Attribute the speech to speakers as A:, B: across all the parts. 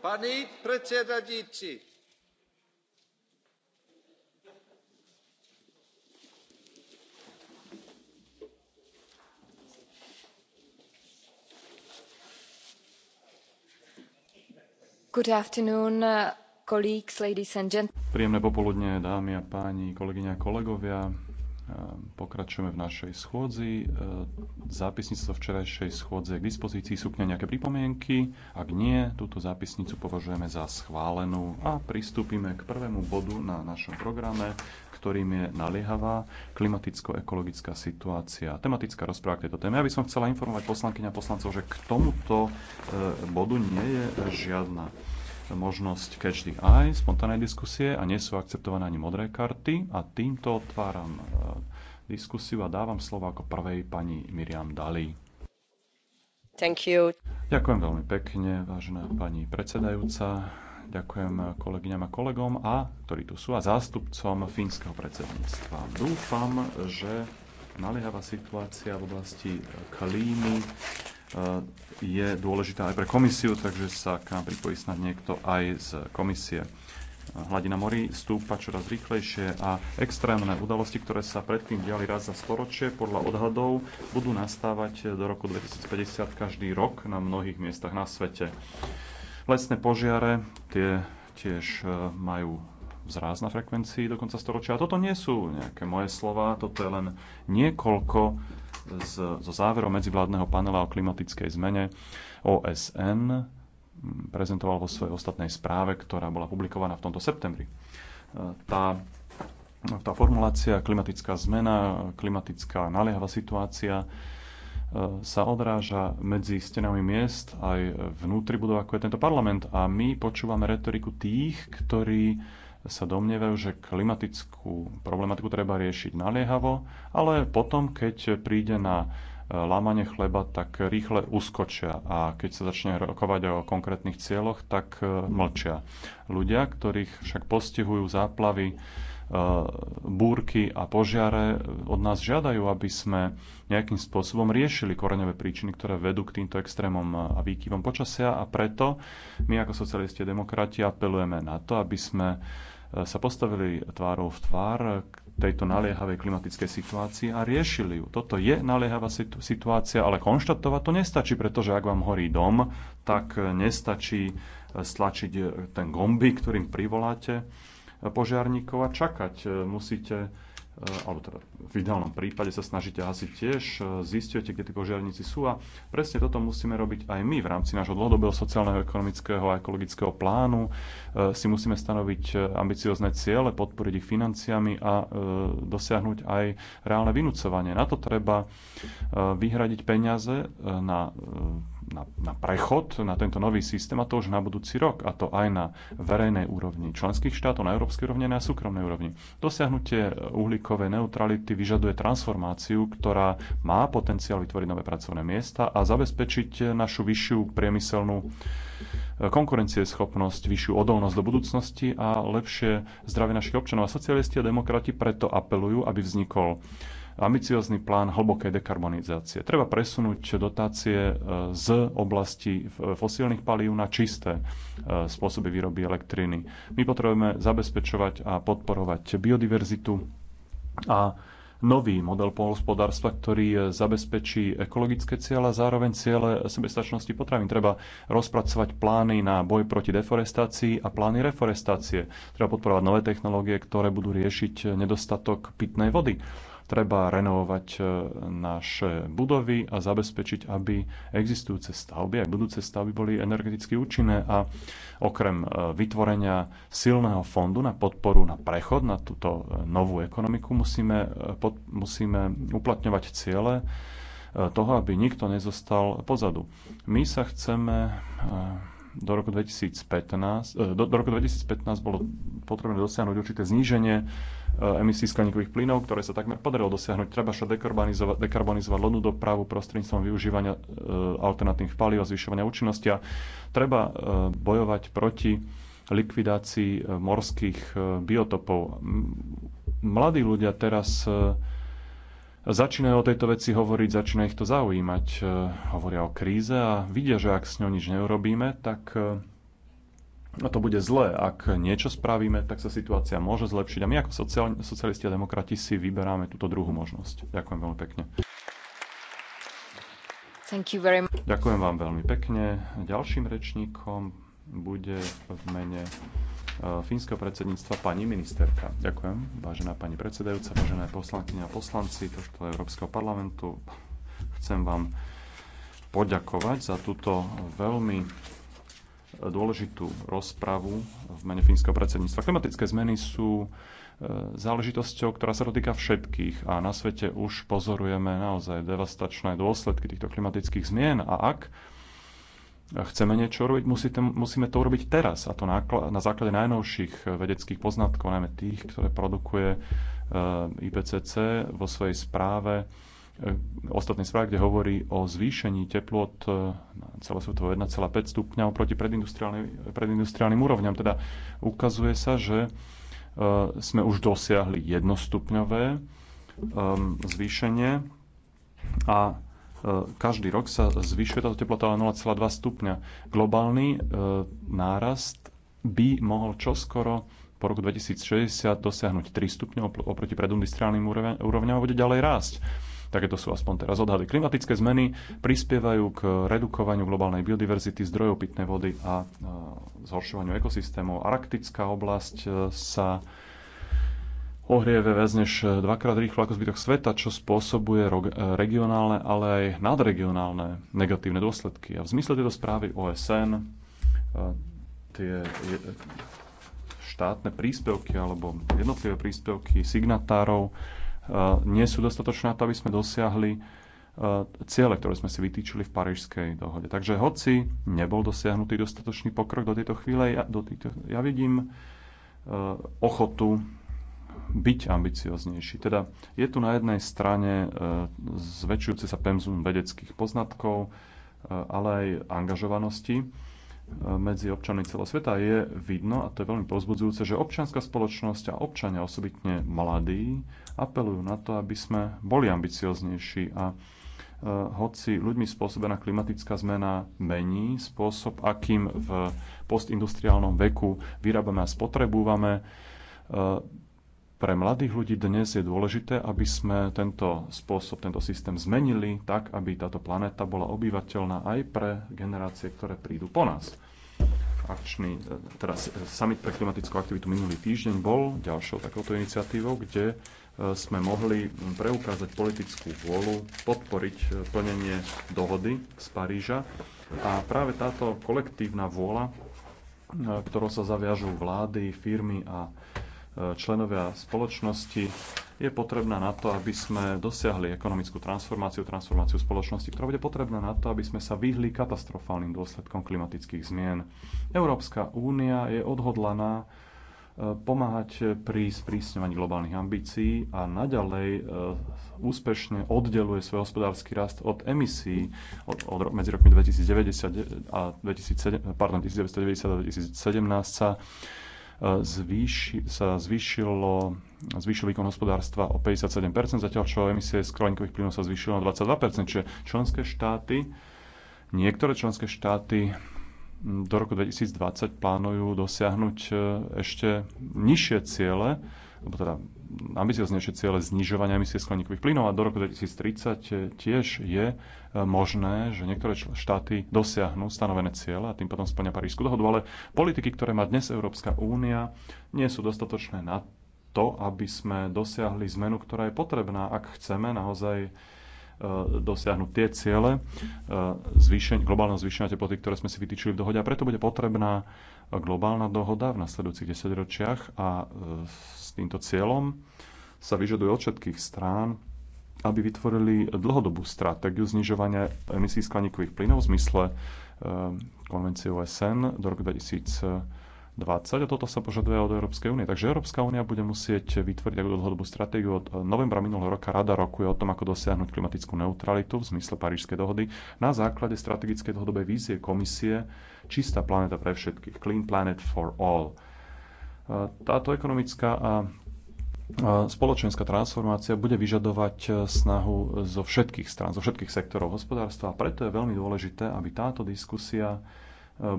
A: pani predsedajúca uh,
B: príjemné popoludnie dámy a páni kolegyne a kolegovia. Ehm, pokračujeme v našej schôdzi. Ehm, zo včerajšej schôdze k dispozícii. Sú k nej nejaké pripomienky? Ak nie, túto zápisnicu považujeme za schválenú. A pristúpime k prvému bodu na našom programe, ktorým je naliehavá klimaticko-ekologická situácia. Tematická rozpráva k tejto téme. Ja by som chcela informovať poslankyňa poslancov, že k tomuto ehm, bodu nie je žiadna možnosť catch the eye, spontánnej diskusie a nie sú akceptované ani modré karty. A týmto otváram e, diskusiu a dávam slovo ako prvej pani Miriam Dali. Thank you. Ďakujem veľmi pekne, vážená pani predsedajúca. Ďakujem kolegyňam a kolegom, a, ktorí tu sú, a zástupcom fínskeho predsedníctva. Dúfam, že naliehavá situácia v oblasti klímy Eh, je dôležitá aj pre komisiu, takže sa k nám pripojí snad niekto aj z komisie. Eh, hladina morí stúpa čoraz rýchlejšie a extrémne udalosti, ktoré sa predtým diali raz za storočie, podľa odhadov budú nastávať do roku 2050 každý rok na mnohých miestach na svete. Lesné požiare, tie tiež eh, majú vzráz na frekvencii do konca storočia. A toto nie sú nejaké moje slova, toto je len niekoľko zo záverom medzivládneho panela o klimatickej zmene OSN prezentoval vo svojej ostatnej správe, ktorá bola publikovaná v tomto septembri. Tá, tá formulácia klimatická zmena, klimatická naliehavá situácia e, sa odráža medzi stenami miest aj vnútri budov, ako je tento parlament. A my počúvame retoriku tých, ktorí sa domnievajú, že klimatickú problematiku treba riešiť naliehavo, ale potom, keď príde na e, lámanie chleba, tak rýchle uskočia a keď sa začne rokovať o konkrétnych cieľoch, tak e, mlčia. Ľudia, ktorých však postihujú záplavy E, búrky a požiare od nás žiadajú, aby sme nejakým spôsobom riešili koreňové príčiny, ktoré vedú k týmto extrémom e, a výkyvom počasia a preto my ako socialisti a demokrati apelujeme na to, aby sme e, sa postavili tvárou v tvár k tejto naliehavej klimatickej situácii a riešili ju. Toto je naliehavá situácia, ale konštatovať to nestačí, pretože ak vám horí dom, tak nestačí stlačiť ten gombík, ktorým privoláte požiarníkov a čakať. E, musíte e, alebo teda v ideálnom prípade sa snažíte hasiť tiež, e, zistujete, kde tí požiarníci sú a presne toto musíme robiť aj my v rámci nášho dlhodobého sociálneho, ekonomického a ekologického plánu. Si musíme stanoviť ambiciozne ciele, podporiť ich financiami a dosiahnuť aj reálne vynúcovanie. Na to treba vyhradiť peniaze na na, na prechod na tento nový systém a to už na budúci rok, a to aj na verejnej úrovni členských štátov, na európskej úrovni a na súkromnej úrovni. Dosiahnutie uhlíkovej neutrality vyžaduje transformáciu, ktorá má potenciál vytvoriť nové pracovné miesta a zabezpečiť našu vyššiu priemyselnú eh, konkurencieschopnosť, vyššiu odolnosť do budúcnosti a lepšie zdravie našich občanov. A socialisti a demokrati preto apelujú, aby vznikol ambiciózny plán hlbokej dekarbonizácie. Treba presunúť dotácie e, z oblasti fosílnych palív na čisté e, spôsoby výroby elektriny. My potrebujeme zabezpečovať a podporovať biodiverzitu a nový model pohospodárstva, ktorý e, zabezpečí ekologické ciele a zároveň ciele sebestačnosti potravín. Treba rozpracovať plány na boj proti deforestácii a plány reforestácie. Treba podporovať nové technológie, ktoré budú riešiť nedostatok pitnej vody treba renovovať e, naše budovy a zabezpečiť, aby existujúce stavby, aj budúce stavby boli energeticky účinné a okrem e, vytvorenia silného fondu na podporu na prechod na túto e, novú ekonomiku musíme, pod, musíme uplatňovať ciele toho, aby nikto nezostal pozadu. My sa chceme do roku 2015, do, do roku 2015 bolo potrebné dosiahnuť určité zníženie E, emisí skleníkových plynov, ktoré sa takmer podarilo dosiahnuť. Treba sa dekarbonizovať, dekarbonizovať lodnú dopravu prostredníctvom využívania e, alternatívnych palív a zvyšovania účinnosti a treba e, bojovať proti likvidácii morských biotopov. Mladí ľudia teraz začínajú o tejto veci hovoriť, začína ich to zaujímať. Hovoria o kríze a vidia, že ak s ňou nič neurobíme, tak No to bude zlé. Ak niečo spravíme, tak sa situácia môže zlepšiť. A my ako socialisti a demokrati si vyberáme túto druhú možnosť. Ďakujem veľmi pekne.
C: Thank you very much.
B: Ďakujem vám veľmi pekne. Ďalším rečníkom bude v mene e, fínskeho predsedníctva pani ministerka. Ďakujem, vážená pani predsedajúca, vážené poslankyne a poslanci tohto Európskeho parlamentu. Chcem vám poďakovať za túto veľmi dôležitú rozpravu v mene fínskeho predsedníctva. Klimatické zmeny sú e, záležitosťou, ktorá sa dotýka všetkých a na svete už pozorujeme naozaj devastačné dôsledky týchto klimatických zmien a ak chceme niečo robiť, musíte, musíme to urobiť teraz a to na základe najnovších e, vedeckých poznatkov, najmä tých, ktoré produkuje e, IPCC vo svojej správe E, ostatný správ, kde hovorí o zvýšení teplot e, na celosvetovo 1,5 stupňa oproti predindustriálnym, predindustriálnym úrovňam. Teda ukazuje sa, že e, sme už dosiahli jednostupňové zvýšenie a každý rok sa zvyšuje táto teplota o 0,2 stupňa. Globálny nárast by mohol čoskoro po roku 2060 dosiahnuť 3 stupňov oproti predindustriálnym úrovňam a bude ďalej rásť. Takéto sú aspoň teraz odhady. Klimatické zmeny prispievajú k redukovaniu globálnej biodiverzity zdrojov pitnej vody a e, zhoršovaniu ekosystémov. Arktická oblasť e, sa ohrieve viac než dvakrát rýchlo ako zbytok sveta, čo spôsobuje e, regionálne, ale aj nadregionálne negatívne dôsledky. A v zmysle tejto správy OSN tie štátne príspevky alebo jednotlivé príspevky signatárov Eh, nie sú dostatočné na to, aby sme dosiahli eh, ciele, ktoré sme si vytýčili v Parížskej dohode. Takže hoci nebol dosiahnutý dostatočný pokrok do tejto chvíle, ja, do týchto, ja vidím eh, ochotu byť ambicioznejší. Teda je tu na jednej strane zväčšujúce sa penzum vedeckých poznatkov, ale aj angažovanosti medzi občanmi celého sveta je vidno, a to je veľmi pozbudzujúce, že občianská spoločnosť a občania, osobitne mladí, apelujú na to, aby sme boli ambicioznejší a e, hoci ľuďmi spôsobená klimatická zmena mení spôsob, akým v postindustriálnom veku vyrábame a spotrebúvame, e, pre mladých ľudí dnes je dôležité, aby sme tento spôsob, tento systém zmenili tak, aby táto planéta bola obyvateľná aj pre generácie, ktoré prídu po nás. Akčný, teda summit pre klimatickú aktivitu minulý týždeň bol ďalšou takouto iniciatívou, kde eh, sme mohli preukázať politickú vôľu, podporiť eh, plnenie dohody z Paríža. A práve táto kolektívna vôľa, ktorou sa zaviažú vlády, firmy a členovia spoločnosti je potrebná na to, aby sme dosiahli ekonomickú transformáciu, transformáciu spoločnosti, ktorá bude potrebná na to, aby sme sa vyhli katastrofálnym dôsledkom klimatických zmien. Európska únia je odhodlaná e, pomáhať pri sprísňovaní globálnych ambícií a naďalej e, úspešne oddeluje svoj hospodársky rast od emisí od, od, medzi rokmi 2090 a 2007, pardon, 1990 a 2017 sa zvýši, sa zvýšilo, zvýšil výkon hospodárstva o 57%, zatiaľ čo emisie skleníkových plynov sa zvýšilo na 22%, čiže členské štáty, niektoré členské štáty do roku 2020 plánujú dosiahnuť e, ešte nižšie ciele, alebo teda ambicioznejšie ciele znižovania emisie skleníkových plynov a do roku 2030 e, tiež je možné, že niektoré štáty dosiahnu stanovené cieľa a tým potom splňa Parísku dohodu, ale politiky, ktoré má dnes Európska únia, nie sú dostatočné na to, aby sme dosiahli zmenu, ktorá je potrebná, ak chceme naozaj e, dosiahnuť tie ciele e, zvýšen, globálne zvýšenia teploty, ktoré sme si vytýčili v dohode. A preto bude potrebná globálna dohoda v nasledujúcich desaťročiach a e, s týmto cieľom sa vyžaduje od všetkých strán aby vytvorili dlhodobú stratégiu znižovania emisí skleníkových plynov v zmysle eh, konvencie OSN do roku 2020 a toto sa požaduje od Európskej únie. Takže Európska únia bude musieť vytvoriť takú dlhodobú stratégiu. Od novembra minulého roka Rada rokuje o tom, ako dosiahnuť klimatickú neutralitu v zmysle Parížskej dohody na základe strategickej dlhodobej vízie komisie Čistá planéta pre všetkých, Clean Planet for All. Eh, táto ekonomická a spoločenská transformácia bude vyžadovať e, snahu zo všetkých strán, zo všetkých sektorov hospodárstva a preto je veľmi dôležité, aby táto diskusia e,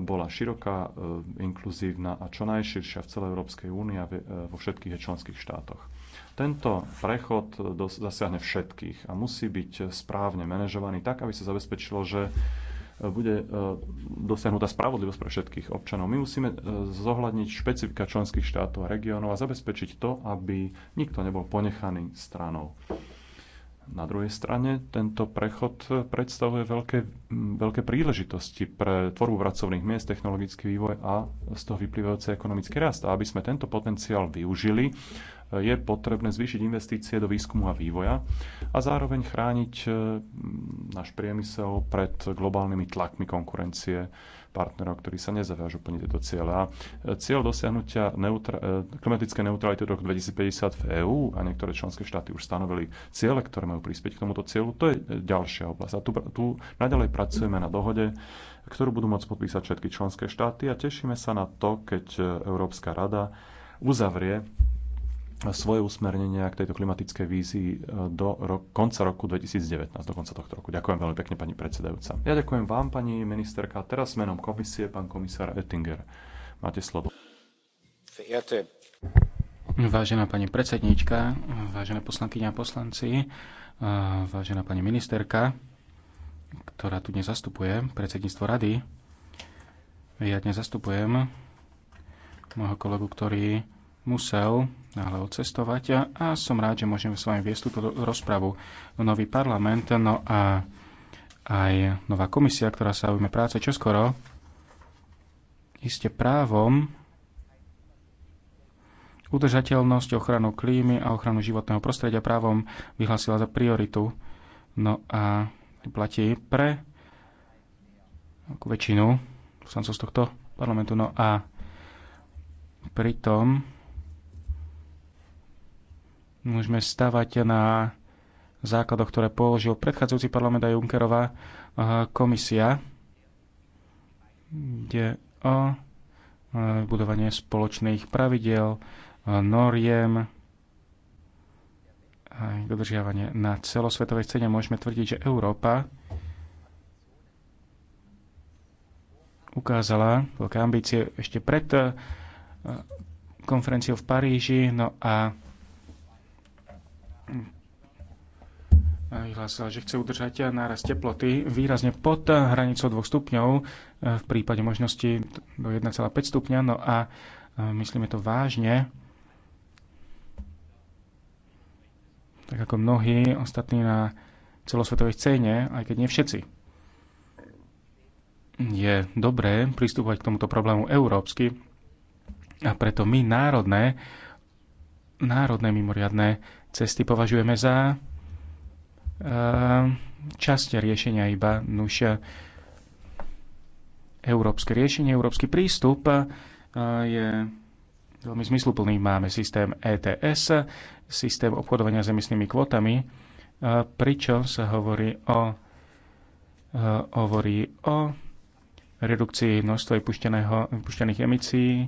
B: bola široká, e, inkluzívna a čo najširšia v celej Európskej únii a vo všetkých členských štátoch. Tento prechod zasiahne všetkých a musí byť správne manažovaný tak, aby sa zabezpečilo, že bude e, dosiahnutá spravodlivosť pre všetkých občanov. My musíme e, zohľadniť špecifika členských štátov a regiónov a zabezpečiť to, aby nikto nebol ponechaný stranou. Na druhej strane tento prechod predstavuje veľké, veľké príležitosti pre tvorbu pracovných miest, technologický vývoj a z toho vyplývajúci ekonomický rast. A aby sme tento potenciál využili, je potrebné zvýšiť investície do výskumu a vývoja a zároveň chrániť e, náš priemysel pred globálnymi tlakmi konkurencie partnerov, ktorí sa nezaviažú plniť tieto cieľa. E, cieľ dosiahnutia neutra- e, klimatické neutrality do roku 2050 v EÚ a niektoré členské štáty už stanovili ciele, ktoré majú prispieť k tomuto cieľu, to je ďalšia oblasť. A tu, tu naďalej pracujeme na dohode, ktorú budú môcť podpísať všetky členské štáty a tešíme sa na to, keď Európska rada uzavrie svoje usmernenia k tejto klimatickej vízii e, do ro- konca roku 2019, do konca tohto roku. Ďakujem veľmi pekne, pani predsedajúca. Ja ďakujem vám, pani ministerka. Teraz menom komisie, pán komisár Oettinger. Máte slovo.
D: Vážená pani predsedníčka, vážené poslankyňa a poslanci, e, vážená pani ministerka, ktorá tu dnes zastupuje predsedníctvo rady, ja dnes zastupujem môjho kolegu, ktorý musel ale odcestovať a, a som rád, že môžem s vami viesť túto rozpravu. Nový parlament, no a aj nová komisia, ktorá sa ujme práce čoskoro, iste právom udržateľnosť, ochranu klímy a ochranu životného prostredia právom vyhlásila za prioritu. No a platí pre väčšinu poslancov z tohto parlamentu. No a pritom môžeme stavať na základoch, ktoré položil predchádzajúci parlament a Junckerová eh, komisia, kde o eh, budovanie spoločných pravidel, eh, noriem, aj dodržiavanie na celosvetovej scéne. Môžeme tvrdiť, že Európa ukázala veľké ambície ešte pred konferenciou v Paríži, no a vyhlásila, že chce udržať nárast teploty výrazne pod hranicou 2 stupňov, e, v prípade možnosti do 1,5 stupňa, no a e, myslíme to vážne. Tak ako mnohí ostatní na celosvetovej scéne, aj keď nie všetci. Je dobré pristúpať k tomuto problému európsky a preto my národné, národné mimoriadné cesty považujeme za Ehm, časť riešenia iba, nuž eh, európske riešenie, európsky prístup eh, je veľmi zmysluplný. Máme systém ETS, systém obchodovania s emisnými kvotami, eh, pričom sa hovorí o, hovorí o redukcii množstva vypušťaných emisí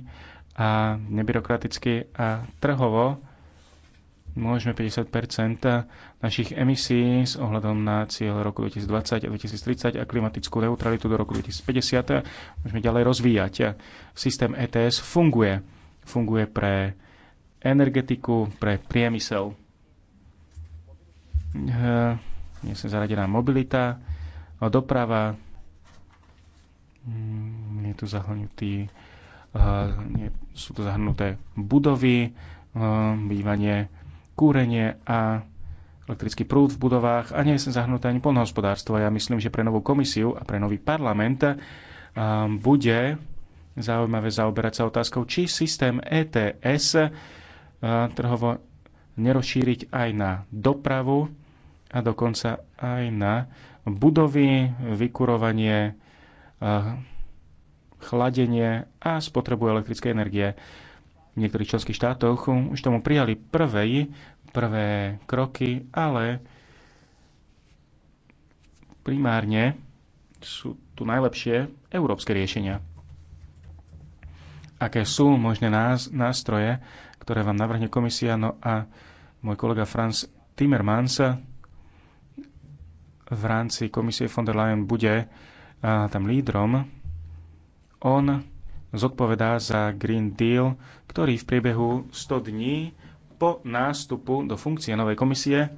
D: a nebyrokraticky a trhovo môžeme 50 našich emisí s ohľadom na cieľ roku 2020 a 2030 a klimatickú neutralitu do roku 2050 môžeme ďalej rozvíjať. Systém ETS funguje. Funguje pre energetiku, pre priemysel. Nie hm, som zaradená mobilita, doprava, hm, je tu zahrnutý, hm, sú tu zahrnuté budovy, bývanie, kúrenie a elektrický prúd v budovách a nie je sem zahrnuté ani polnohospodárstvo. Ja myslím, že pre novú komisiu a pre nový parlament um, bude zaujímavé zaoberať sa otázkou, či systém ETS uh, trhovo nerozšíriť aj na dopravu a dokonca aj na budovy, vykurovanie, uh, chladenie a spotrebu elektrickej energie. V niektorých členských štátoch už tomu prijali prvé, prvé kroky, ale primárne sú tu najlepšie európske riešenia. Aké sú možné nástroje, ktoré vám navrhne komisia, no a môj kolega Franz Timmermans v rámci komisie von der Leyen bude tam lídrom. On zodpovedá za Green Deal, ktorý v priebehu 100 dní po nástupu do funkcie novej komisie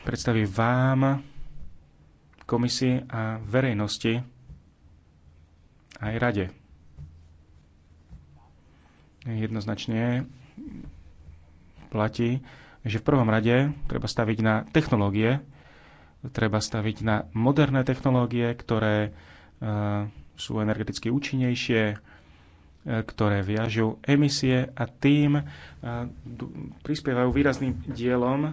D: predstaví vám, komisii a verejnosti aj rade. Jednoznačne platí, že v prvom rade treba staviť na technológie, treba staviť na moderné technológie, ktoré uh, sú energeticky účinnejšie, e, ktoré viažú emisie a tým e, prispievajú výrazným dielom e,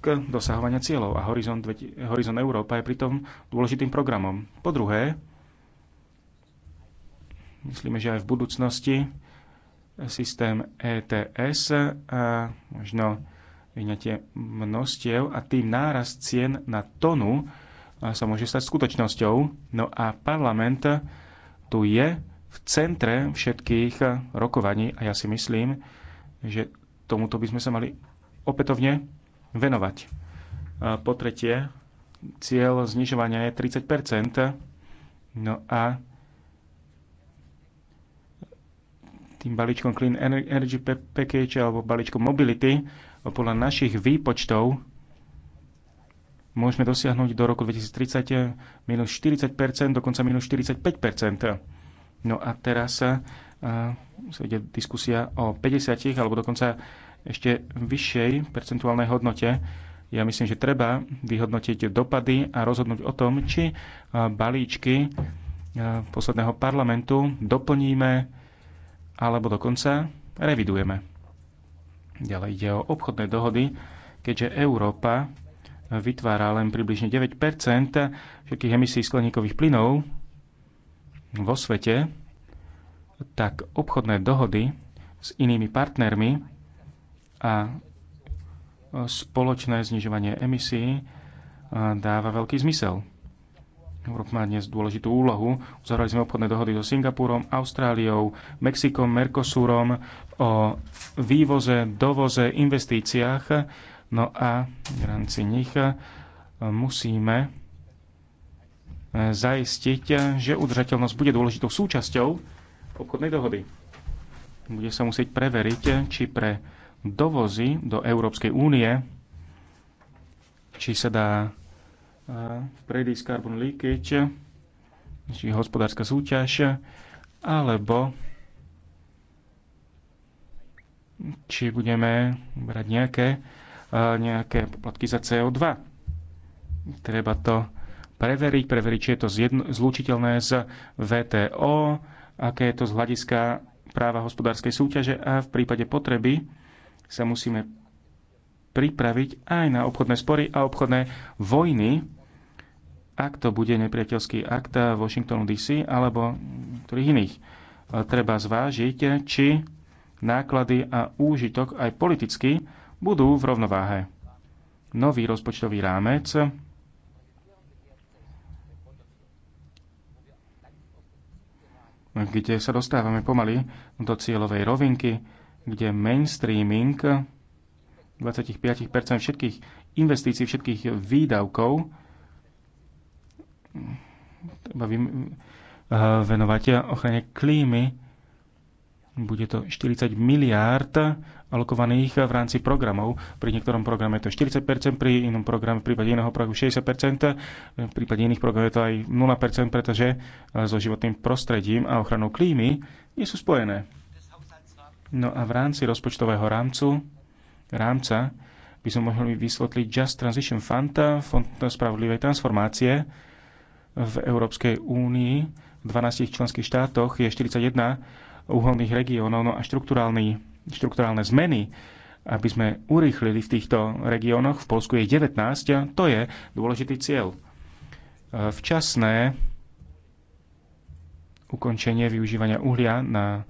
D: k dosahovania cieľov a Horizon, Horizon Európa je pritom dôležitým programom. Po druhé, myslíme, že aj v budúcnosti systém ETS a možno vyňatie množstiev a tým nárast cien na tonu sa môže stať skutočnosťou. No a parlament tu je v centre všetkých rokovaní a ja si myslím, že tomuto by sme sa mali opätovne venovať. Po tretie, cieľ znižovania je 30 No a tým balíčkom Clean Energy Package alebo balíčkom Mobility podľa našich výpočtov môžeme dosiahnuť do roku 2030 minus 40 dokonca minus 45 No a teraz eh, sa, ide diskusia o 50 alebo dokonca ešte vyššej percentuálnej hodnote. Ja myslím, že treba vyhodnotiť dopady a rozhodnúť o tom, či eh, balíčky eh, posledného parlamentu doplníme alebo dokonca revidujeme. Ďalej ide o obchodné dohody, keďže Európa vytvára len približne 9 všetkých emisí skleníkových plynov vo svete, tak obchodné dohody s inými partnermi a spoločné znižovanie emisí eh, dáva veľký zmysel. Európa má dnes dôležitú úlohu. Uzavrali sme obchodné dohody so Singapurom, Austráliou, Mexikom, Mercosurom o vývoze, dovoze, investíciách No a v rámci nich eh, musíme eh, zaistiť, eh, že udržateľnosť bude dôležitou súčasťou obchodnej dohody. Bude sa musieť preveriť, či pre dovozy do Európskej únie, či sa dá predísť carbon leakage, či hospodárska súťaž, alebo či budeme brať nejaké nejaké poplatky za CO2. Treba to preveriť, preveriť, či je to zlučiteľné z VTO, aké je to z hľadiska práva hospodárskej súťaže a v prípade potreby sa musíme pripraviť aj na obchodné spory a obchodné vojny, ak to bude nepriateľský akt Washingtonu DC alebo ktorých iných. Treba zvážiť, či náklady a úžitok aj politicky budú v rovnováhe. Nový rozpočtový rámec kde sa dostávame pomaly do cieľovej rovinky, kde mainstreaming 25% všetkých investícií, všetkých výdavkov eh, venovať ochrane klímy bude to 40 miliárd alokovaných v rámci programov. Pri niektorom programe je to 40%, pri inom programe, v prípade iného programu 60%, v prípade iných programov je to aj 0%, pretože eh, so životným prostredím a ochranou klímy nie sú spojené. No a v rámci rozpočtového rámcu, rámca by sme mohli vysvetliť Just Transition Fund, Fond spravodlivej transformácie v Európskej únii. V 12 členských štátoch je 41 uholných regiónov no a štruktúrálne zmeny, aby sme urýchlili v týchto regiónoch, v Polsku je 19, a to je dôležitý cieľ. E, včasné ukončenie využívania uhlia na e,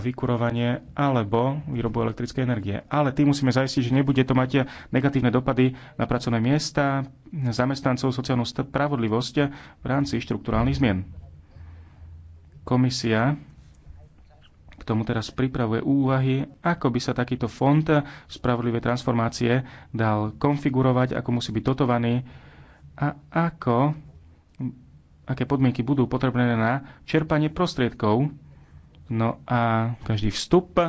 D: vykurovanie alebo výrobu elektrickej energie. Ale tým musíme zaistiť, že nebude to mať negatívne dopady na pracovné miesta, zamestnancov, sociálnu spravodlivosť v rámci štruktúrálnych zmien. Komisia k tomu teraz pripravuje úvahy, ako by sa takýto fond spravodlivé transformácie dal konfigurovať, ako musí byť dotovaný a ako, aké podmienky budú potrebné na čerpanie prostriedkov. No a každý vstup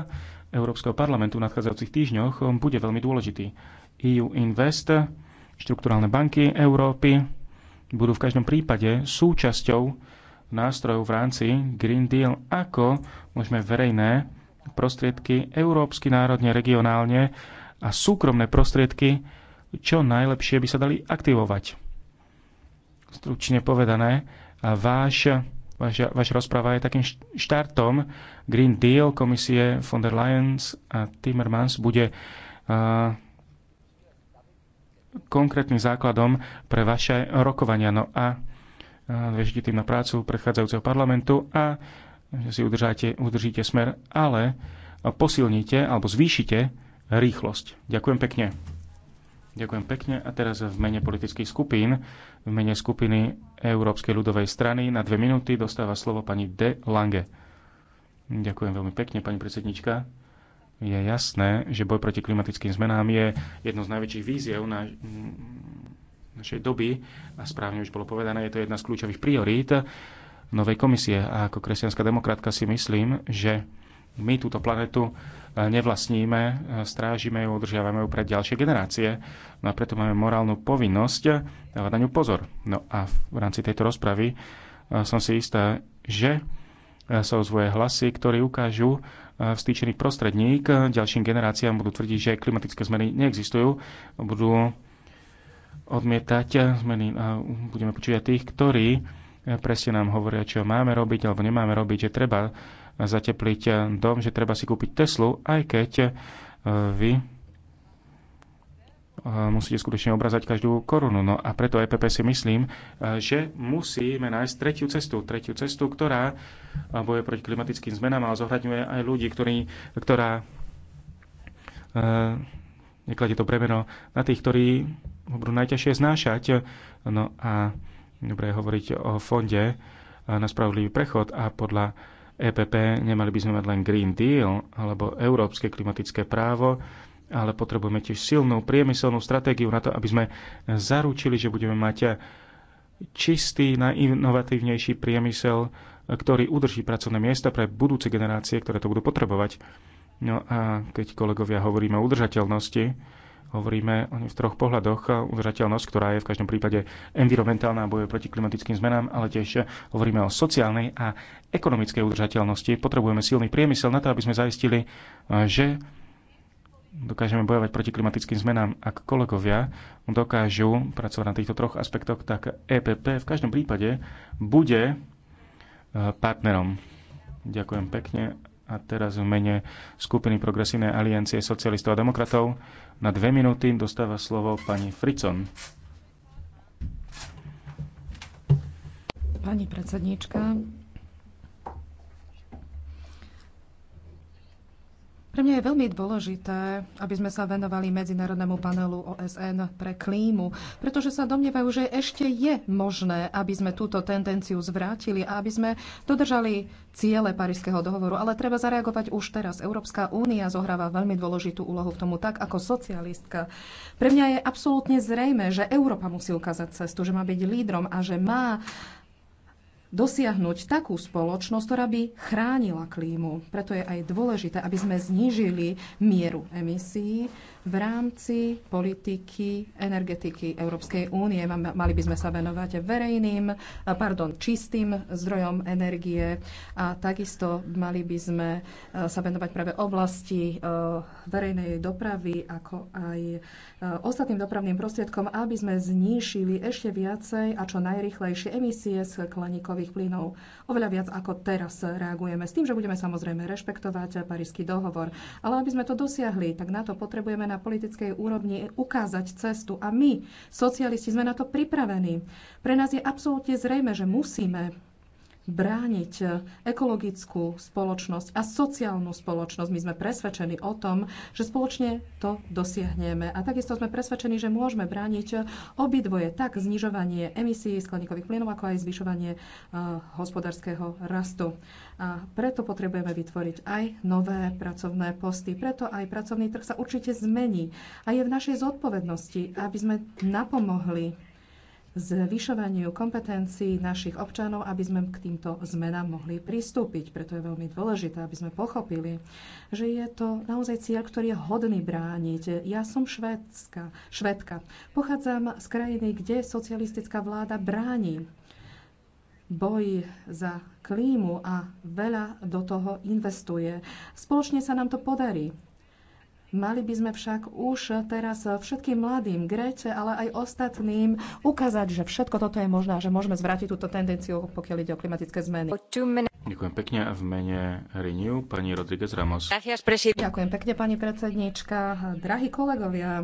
D: Európskeho parlamentu v nadchádzajúcich týždňoch bude veľmi dôležitý. EU Invest, štruktúrálne banky Európy budú v každom prípade súčasťou nástrojov v rámci Green Deal, ako môžeme verejné prostriedky európsky, národne, regionálne a súkromné prostriedky čo najlepšie by sa dali aktivovať. Stručne povedané, a váš, váš, váš rozpráva je takým štartom. Green Deal komisie von der Leyen a Timmermans bude a, konkrétnym základom pre vaše rokovania. No a dôležitý tým na prácu predchádzajúceho parlamentu a že si udržáte, udržíte smer, ale posilnite alebo zvýšite rýchlosť. Ďakujem pekne. Ďakujem pekne. A teraz v mene politických skupín, v mene skupiny Európskej ľudovej strany na dve minúty dostáva slovo pani De Lange. Ďakujem veľmi pekne, pani predsednička. Je jasné, že boj proti klimatickým zmenám je jednou z najväčších víziev na našej doby, a správne už bolo povedané, je to jedna z kľúčových priorít novej komisie. A ako kresťanská demokratka si myslím, že my túto planetu eh, nevlastníme, eh, strážime ju, udržiavame ju pre ďalšie generácie. No a preto máme morálnu povinnosť dávať na ňu pozor. No a v rámci tejto rozpravy eh, som si istá, že sa ozvoje hlasy, ktorí ukážu vstýčený prostredník ďalším generáciám, budú tvrdiť, že klimatické zmeny neexistujú, budú odmietať zmeny a budeme aj tých, ktorí eh, presne nám hovoria, čo máme robiť alebo nemáme robiť, že treba zatepliť dom, že treba si kúpiť Teslu, aj keď eh, vy eh, musíte skutočne obrazať každú korunu. No a preto EPP si myslím, že musíme nájsť tretiu cestu. Tretiu cestu, ktorá boje proti klimatickým zmenám, ale zohradňuje aj ľudí, ktorí, ktorá nekladie to premeno na tých, ktorí ho budú najťažšie znášať. No a dobre hovoriť o fonde na spravodlivý prechod a podľa EPP nemali by sme mať len Green Deal alebo európske klimatické právo, ale potrebujeme tiež silnú priemyselnú stratégiu na to, aby sme zaručili, že budeme mať čistý, najinovatívnejší priemysel, ktorý udrží pracovné miesta pre budúce generácie, ktoré to budú potrebovať. No a keď kolegovia hovoríme o udržateľnosti, hovoríme o v troch pohľadoch. Udržateľnosť, ktorá je v každom prípade environmentálna a boje proti klimatickým zmenám, ale tiež hovoríme o sociálnej a ekonomickej udržateľnosti. Potrebujeme silný priemysel na to, aby sme zaistili, že dokážeme bojovať proti klimatickým zmenám. Ak kolegovia dokážu pracovať na týchto troch aspektoch, tak EPP v každom prípade bude eh, partnerom. Ďakujem pekne. A teraz v mene skupiny Progresívnej aliancie socialistov a demokratov na dve minúty dostáva slovo pani Fricon.
A: Pani predsedníčka, Pre mňa je veľmi dôležité, aby sme sa venovali medzinárodnému panelu OSN pre klímu, pretože sa domnievajú, že ešte je možné, aby sme túto tendenciu zvrátili a aby sme dodržali ciele Parížského dohovoru. Ale treba zareagovať už teraz. Európska únia zohráva veľmi dôležitú úlohu v tomu, tak ako socialistka. Pre mňa je absolútne zrejme, že Európa musí ukázať cestu, že má byť lídrom a že má dosiahnuť takú spoločnosť, ktorá by chránila klímu. Preto je aj dôležité, aby sme znížili mieru emisí v rámci politiky energetiky Európskej únie. Mali by sme sa venovať verejným, eh, pardon, čistým zdrojom energie a takisto mali by sme eh, sa venovať práve oblasti eh, verejnej dopravy, ako aj ostatným dopravným prostriedkom, aby sme znížili ešte viacej a čo najrychlejšie emisie skleníkových plynov. Oveľa viac ako teraz reagujeme s tým, že budeme samozrejme rešpektovať Parísky dohovor. Ale aby sme to dosiahli, tak na to potrebujeme na politickej úrovni ukázať cestu a my, socialisti, sme na to pripravení. Pre nás je absolútne zrejme, že musíme brániť e, ekologickú spoločnosť a sociálnu spoločnosť. My sme presvedčení o tom, že spoločne to dosiahneme. A takisto sme presvedčení, že môžeme brániť e, obidvoje, tak znižovanie emisí skleníkových plynov, ako aj zvyšovanie uh, hospodárskeho rastu. A preto potrebujeme vytvoriť aj nové pracovné posty. Preto aj pracovný trh sa určite zmení. A je v našej zodpovednosti, aby sme napomohli zvyšovaniu kompetencií našich občanov, aby sme k týmto zmenám mohli pristúpiť. Preto je veľmi dôležité, aby sme pochopili, že je to naozaj cieľ, ktorý je hodný brániť. Ja som švédska, švedka. Pochádzam z krajiny, kde socialistická vláda bráni boj za klímu a veľa do toho investuje. Spoločne sa nám to podarí. Mali by sme však už teraz všetkým mladým, Gréte, ale aj ostatným ukázať, že všetko toto je možné a že môžeme zvrátiť túto tendenciu, pokiaľ ide o klimatické zmeny.
D: Ďakujem pekne v mene Renew, pani Rodriguez Ramos.
A: Ďakujem pekne, pani predsednička. Drahí kolegovia,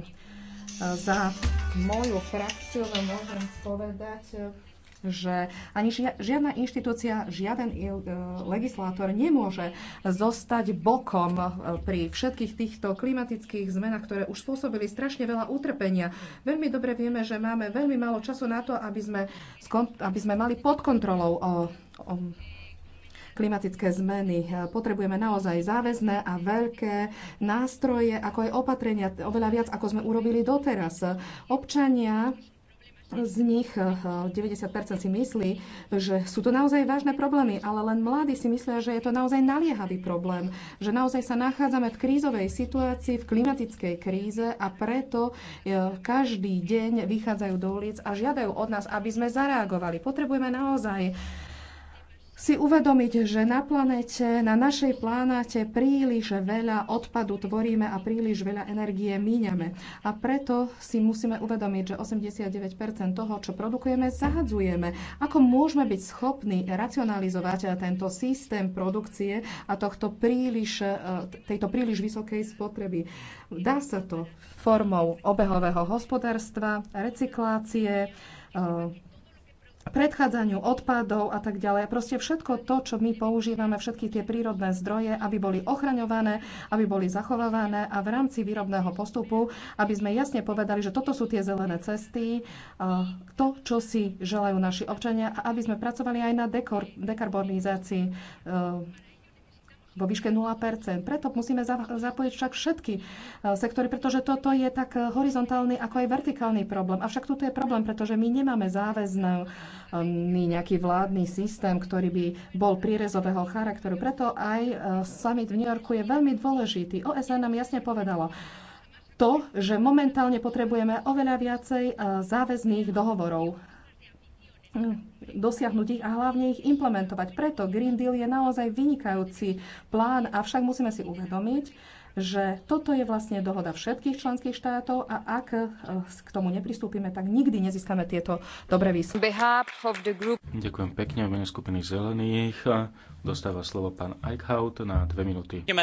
A: za moju frakciu môžem povedať, že ani žiadna inštitúcia, žiaden e, legislátor nemôže zostať bokom e, pri všetkých týchto klimatických zmenách, ktoré už spôsobili strašne veľa utrpenia. Veľmi dobre vieme, že máme veľmi málo času na to, aby sme, aby sme mali pod kontrolou o, o klimatické zmeny. Potrebujeme naozaj záväzné a veľké nástroje, ako aj opatrenia, oveľa viac, ako sme urobili doteraz. Občania z nich 90% eh, si myslí, že sú to naozaj vážne problémy, ale len mladí si myslia, že je to naozaj naliehavý problém, že naozaj sa nachádzame v krízovej situácii, v klimatickej kríze a preto eh, každý deň vychádzajú do ulic a žiadajú od nás, aby sme zareagovali. Potrebujeme naozaj si uvedomiť, že na planete, na našej planete príliš veľa odpadu tvoríme a príliš veľa energie míňame. A preto si musíme uvedomiť, že 89% toho, čo produkujeme, zahadzujeme. Ako môžeme byť schopní racionalizovať tento systém produkcie a tohto príliš, e, tejto príliš vysokej spotreby? Dá sa to formou obehového hospodárstva, recyklácie, e, predchádzaniu odpadov a tak ďalej. Proste všetko to, čo my používame, všetky tie prírodné zdroje, aby boli ochraňované, aby boli zachovávané a v rámci výrobného postupu, aby sme jasne povedali, že toto sú tie zelené cesty, to, čo si želajú naši občania a aby sme pracovali aj na dekor, dekarbonizácii e, vo výške 0%. Preto musíme zapojiť však všetky e, sektory, pretože toto je tak e, horizontálny, ako aj vertikálny problém. Avšak tuto je problém, pretože my nemáme záväzný um, nejaký vládny systém, ktorý by bol prírezového charakteru. Preto aj e, summit v New Yorku je veľmi dôležitý. OSN nám jasne povedalo, to, že momentálne potrebujeme oveľa viacej záväzných dohovorov dosiahnuť ich a hlavne ich implementovať. Preto Green Deal je naozaj vynikajúci plán, avšak musíme si uvedomiť, že toto je vlastne dohoda všetkých členských štátov a ak eh, k tomu nepristúpime, tak nikdy nezískame tieto dobré výsledky.
D: Ďakujem pekne v mene skupiny Zelených. Dostáva slovo pán Eichhout na dve minúty. Eh,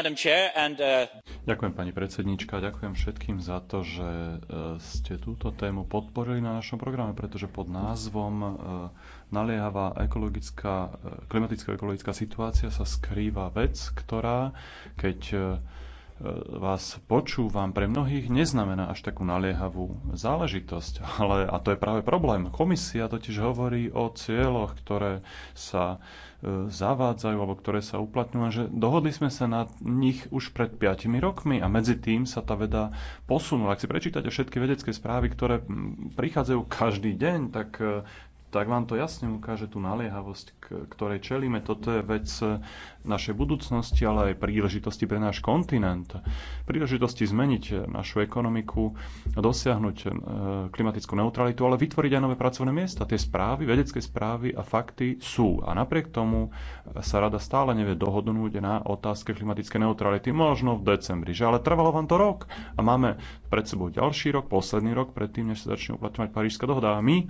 D: ďakujem pani predsednička, ďakujem všetkým
B: za to, že eh, ste túto tému podporili na našom programe, pretože pod názvom naliehavá ekologická, klimatická ekologická situácia sa skrýva vec, ktorá, keď E, vás počúvam, pre mnohých neznamená až takú naliehavú záležitosť. Ale, a to je práve problém. Komisia totiž hovorí o cieľoch, ktoré sa e, zavádzajú alebo ktoré sa uplatňujú. Že dohodli sme sa na nich už pred 5 rokmi a medzi tým sa tá veda posunula. Ak si prečítate všetky vedecké správy, ktoré prichádzajú každý deň, tak e, tak vám to jasne ukáže tú naliehavosť, k ktorej čelíme. Toto je vec našej budúcnosti, ale aj príležitosti pre náš kontinent. Príležitosti zmeniť našu ekonomiku, dosiahnuť e, klimatickú neutralitu, ale vytvoriť aj nové pracovné miesta. Tie správy, vedecké správy a fakty sú. A napriek tomu sa rada stále nevie dohodnúť na otázke klimatickej neutrality. Možno v decembri, že ale trvalo vám to rok. A máme pred sebou ďalší rok, posledný rok, predtým, než sa začne uplatňovať Parížska dohoda. A my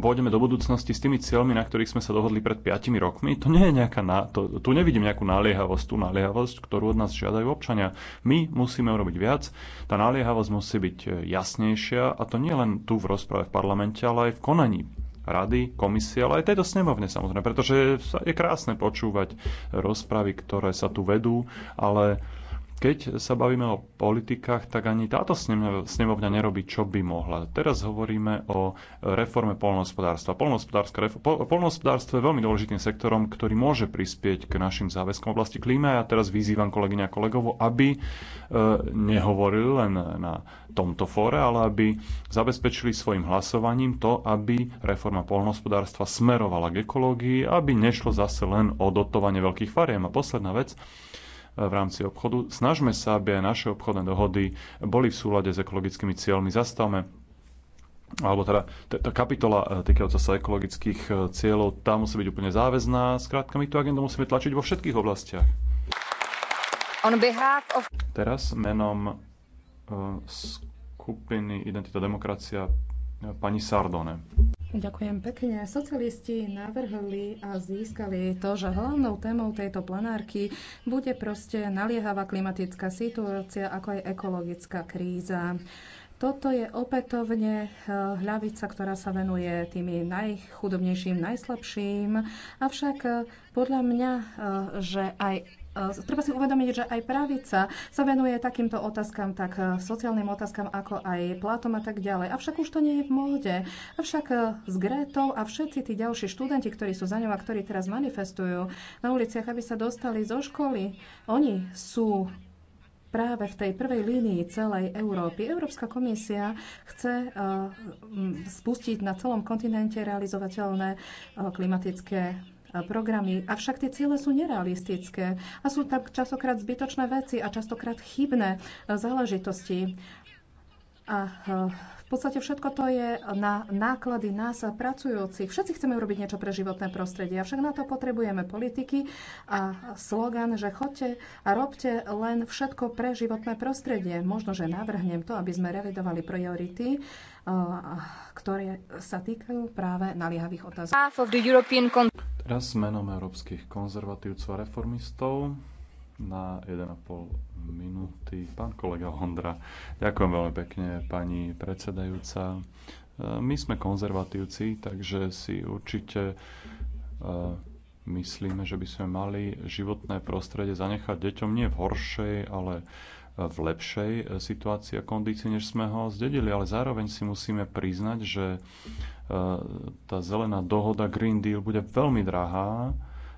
B: pôjdeme do budúcnosti s tými cieľmi, na ktorých sme sa dohodli pred 5 rokmi, to nie je nejaká, Na, to, tu nevidím nejakú naliehavosť, tú naliehavosť, ktorú od nás žiadajú občania. My musíme urobiť viac, tá naliehavosť musí byť e, jasnejšia a to nie len tu v rozprave v parlamente, ale aj v konaní rady, komisie, ale aj tejto snemovne samozrejme, pretože je krásne počúvať rozpravy, ktoré sa tu vedú, ale keď sa bavíme o politikách, tak ani táto snemovňa nerobí, čo by mohla. Teraz hovoríme o reforme polnohospodárstva. Polnohospodárstvo je veľmi dôležitým sektorom, ktorý môže prispieť k našim záväzkom v oblasti klíma. Ja teraz vyzývam kolegyňa a kolegov, aby e, nehovorili len na tomto fóre, ale aby zabezpečili svojim hlasovaním to, aby reforma polnohospodárstva smerovala k ekológii, aby nešlo zase len o dotovanie veľkých fariem. A posledná vec, v rámci obchodu. Snažme sa, aby aj naše obchodné dohody boli v súlade s ekologickými cieľmi. Zastavme alebo teda tá kapitola e, týkajúca sa ekologických e, cieľov, tá musí byť úplne záväzná. Skrátka, my tú agendu musíme tlačiť vo všetkých oblastiach.
C: Of...
B: Teraz menom e, skupiny Identita demokracia pani Sardone.
A: Ďakujem pekne. Socialisti navrhli a získali to, že hlavnou témou tejto plenárky bude proste naliehavá klimatická situácia, ako aj ekologická kríza. Toto je opätovne eh, hľavica, ktorá sa venuje tými najchudobnejším, najslabším. Avšak eh, podľa mňa, eh, že aj E, treba si uvedomiť, že aj pravica sa venuje takýmto otázkam, tak e, sociálnym otázkam, ako aj platom a tak ďalej. Avšak už to nie je v móde. Avšak e, s Gretou a všetci tí ďalší študenti, ktorí sú za ňou a ktorí teraz manifestujú na uliciach, aby sa dostali zo školy, oni sú práve v tej prvej línii celej Európy. Európska komisia chce spustiť na celom kontinente realizovateľné klimatické programy. Avšak tie ciele sú nerealistické a sú tam častokrát zbytočné veci a častokrát chybné záležitosti. A e, v podstate všetko to je na náklady nás pracujúcich. Všetci chceme urobiť niečo pre životné prostredie, avšak na to potrebujeme politiky a slogan, že chodte a robte len všetko pre životné prostredie. Možno, že navrhnem to, aby sme revidovali priority, e, ktoré sa týkajú práve naliehavých otázok.
B: Teraz menom európskych konzervatívcov a reformistov na 1,5 minúty. Pán kolega Hondra, ďakujem veľmi pekne, pani predsedajúca. E, my sme konzervatívci, takže si určite e, myslíme, že by sme mali životné prostredie zanechať deťom nie v horšej, ale v lepšej situácii a kondícii, než sme ho zdedili, ale zároveň si musíme priznať, že E, tá zelená dohoda Green Deal bude veľmi drahá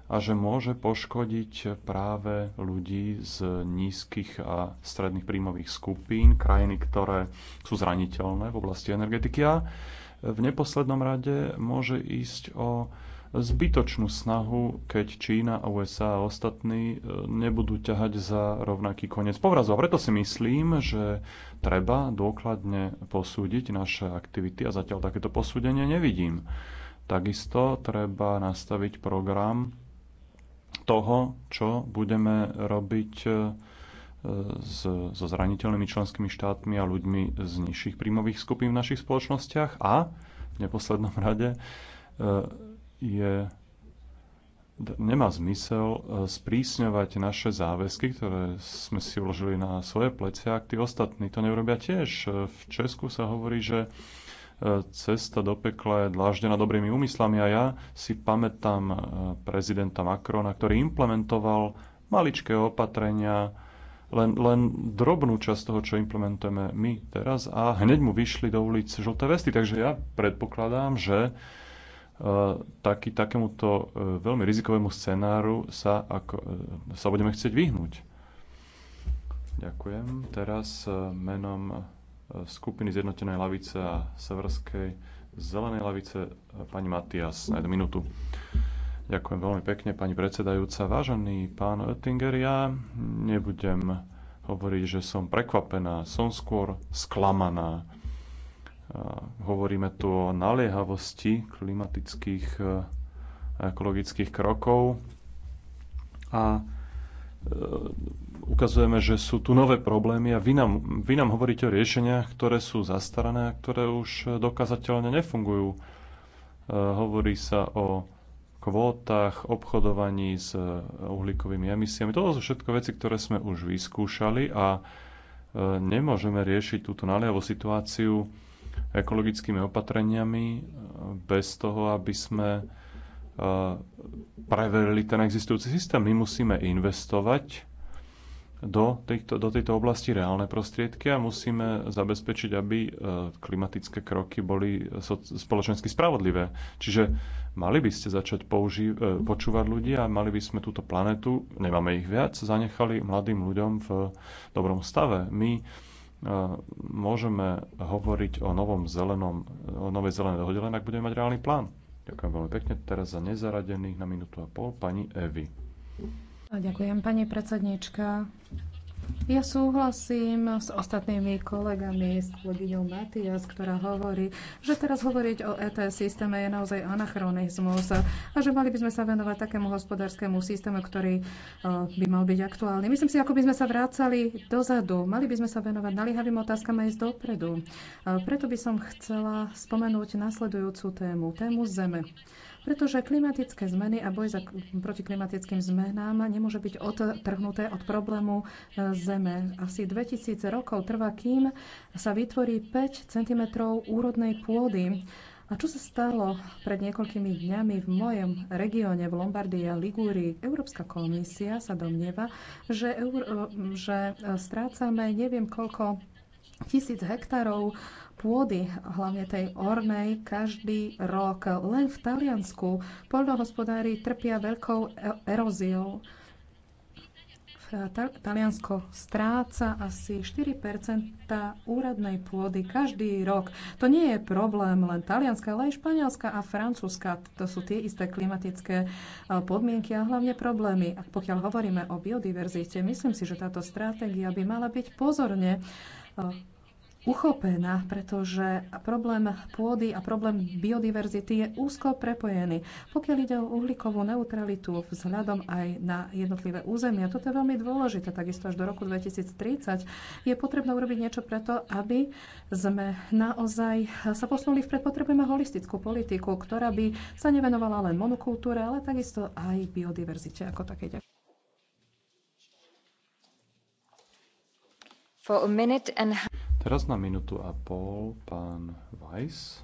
B: a že môže poškodiť práve ľudí z nízkych a stredných príjmových skupín, krajiny, ktoré sú zraniteľné v oblasti energetiky a v neposlednom rade môže ísť o zbytočnú snahu, keď Čína a USA a ostatní e, nebudú ťahať za rovnaký koniec povrazu. A preto si myslím, že treba dôkladne posúdiť naše aktivity a zatiaľ takéto posúdenie nevidím. Takisto treba nastaviť program toho, čo budeme robiť e, so zraniteľnými členskými štátmi a ľuďmi z nižších príjmových skupín v našich spoločnostiach a v neposlednom rade e, je nemá zmysel e, sprísňovať naše záväzky, ktoré sme si uložili na svoje plecia, ak tí ostatní to neurobia tiež. E, v Česku sa hovorí, že e, cesta do pekla je dláždená dobrými úmyslami a ja si pamätám prezidenta Macrona, ktorý implementoval maličké opatrenia, len, len drobnú časť toho, čo implementujeme my teraz a hneď mu vyšli do ulic žlté vesty. Takže ja predpokladám, že E, taký, takémuto e, veľmi rizikovému scenáru sa, ako, e, sa budeme chcieť vyhnúť. Ďakujem. Teraz menom skupiny Zjednotenej lavice a Severskej zelenej lavice pani Matias na jednu minútu. Ďakujem veľmi pekne, pani predsedajúca. Vážený pán Oettinger, ja nebudem hovoriť, že som prekvapená, som skôr sklamaná hovoríme tu o naliehavosti klimatických a e, ekologických krokov a e, ukazujeme, že sú tu nové problémy a vy nám, vy nám hovoríte o riešeniach, ktoré sú zastarané a ktoré už dokázateľne nefungujú. E, hovorí sa o kvótach, obchodovaní s uhlíkovými emisiami. Toto sú všetko veci, ktoré sme už vyskúšali a nemôžeme riešiť túto naliavú situáciu ekologickými opatreniami e, bez toho, aby sme e, preverili ten existujúci systém. My musíme investovať do tejto, do tejto oblasti reálne prostriedky a musíme zabezpečiť, aby e, klimatické kroky boli spoločensky spravodlivé. Čiže mali by ste začať použi- počúvať ľudí a mali by sme túto planetu, nemáme ich viac, zanechali mladým ľuďom v dobrom stave. My môžeme hovoriť o novom zelenom, o novej zelenej dohode, len ak budeme mať reálny plán. Ďakujem veľmi pekne. Teraz za nezaradených na minútu a pol pani Evi.
A: Ďakujem, pani predsednička. Ja súhlasím s ostatnými kolegami, s kolegyňou Matias, ktorá hovorí, že teraz hovoriť o ETS systéme je naozaj anachronizmus a že mali by sme sa venovať takému hospodárskému systému, ktorý e, by mal byť aktuálny. Myslím si, ako by sme sa vrácali dozadu. Mali by sme sa venovať naliehavým otázkam aj ísť dopredu. E, preto by som chcela spomenúť nasledujúcu tému, tému zeme pretože klimatické zmeny a boj za, proti klimatickým zmenám nemôže byť odtrhnuté od problému e, Zeme. Asi 2000 rokov trvá, kým sa vytvorí 5 cm úrodnej pôdy. A čo sa stalo pred niekoľkými dňami v mojom regióne v Lombardii a Ligúrii? Európska komisia sa domnieva, že, Euró- e, že e, strácame neviem koľko tisíc hektárov pôdy, hlavne tej ornej, každý rok. Len v Taliansku poľnohospodári trpia veľkou e- eróziou. Taliansko stráca asi 4 úradnej pôdy každý rok. To nie je problém len Talianska, ale aj Španielska a Francúzska. To sú tie isté klimatické e, podmienky a hlavne problémy. A pokiaľ hovoríme o biodiverzite, myslím si, že táto stratégia by mala byť pozorne e, uchopená, pretože problém pôdy a problém biodiverzity je úzko prepojený. Pokiaľ ide o uhlíkovú neutralitu vzhľadom aj na jednotlivé územia, toto je veľmi dôležité. Takisto až do roku 2030 je potrebné urobiť niečo preto, aby sme naozaj sa posunuli vpred. Potrebujeme holistickú politiku, ktorá by sa nevenovala len monokultúre, ale takisto aj biodiverzite ako také.
C: For a minute and
B: Teraz na minútu a pol pán Weiss.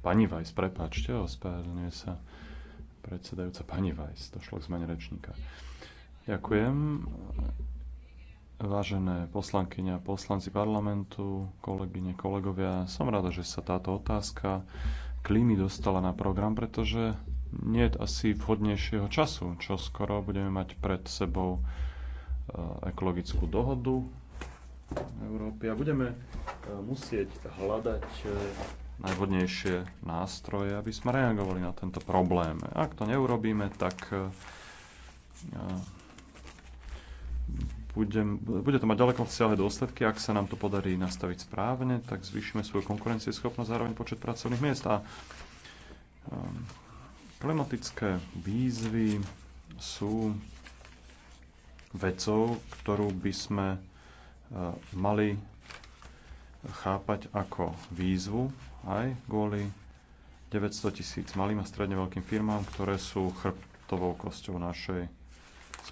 B: Pani Weiss, prepáčte, ospravedlňuje sa predsedajúca pani Weiss. Došlo k zmene rečníka. Ďakujem. Vážené poslankyňa, poslanci parlamentu, kolegyne, kolegovia, som rada, že sa táto otázka klímy dostala na program, pretože nie je asi vhodnejšieho času, čo skoro budeme mať pred sebou e, ekologickú dohodu a Budeme e, musieť hľadať e, najvhodnejšie nástroje, aby sme reagovali na tento problém. Ak to neurobíme, tak e, budem, bude to mať ďaleko siahle dôsledky. Ak sa nám to podarí nastaviť správne, tak zvýšime svoju konkurencieschopnosť zároveň počet pracovných miest. A klimatické výzvy sú vecou, ktorú by sme E, mali chápať ako výzvu aj kvôli 900 tisíc malým a stredne veľkým firmám, ktoré sú chrbtovou kosťou našej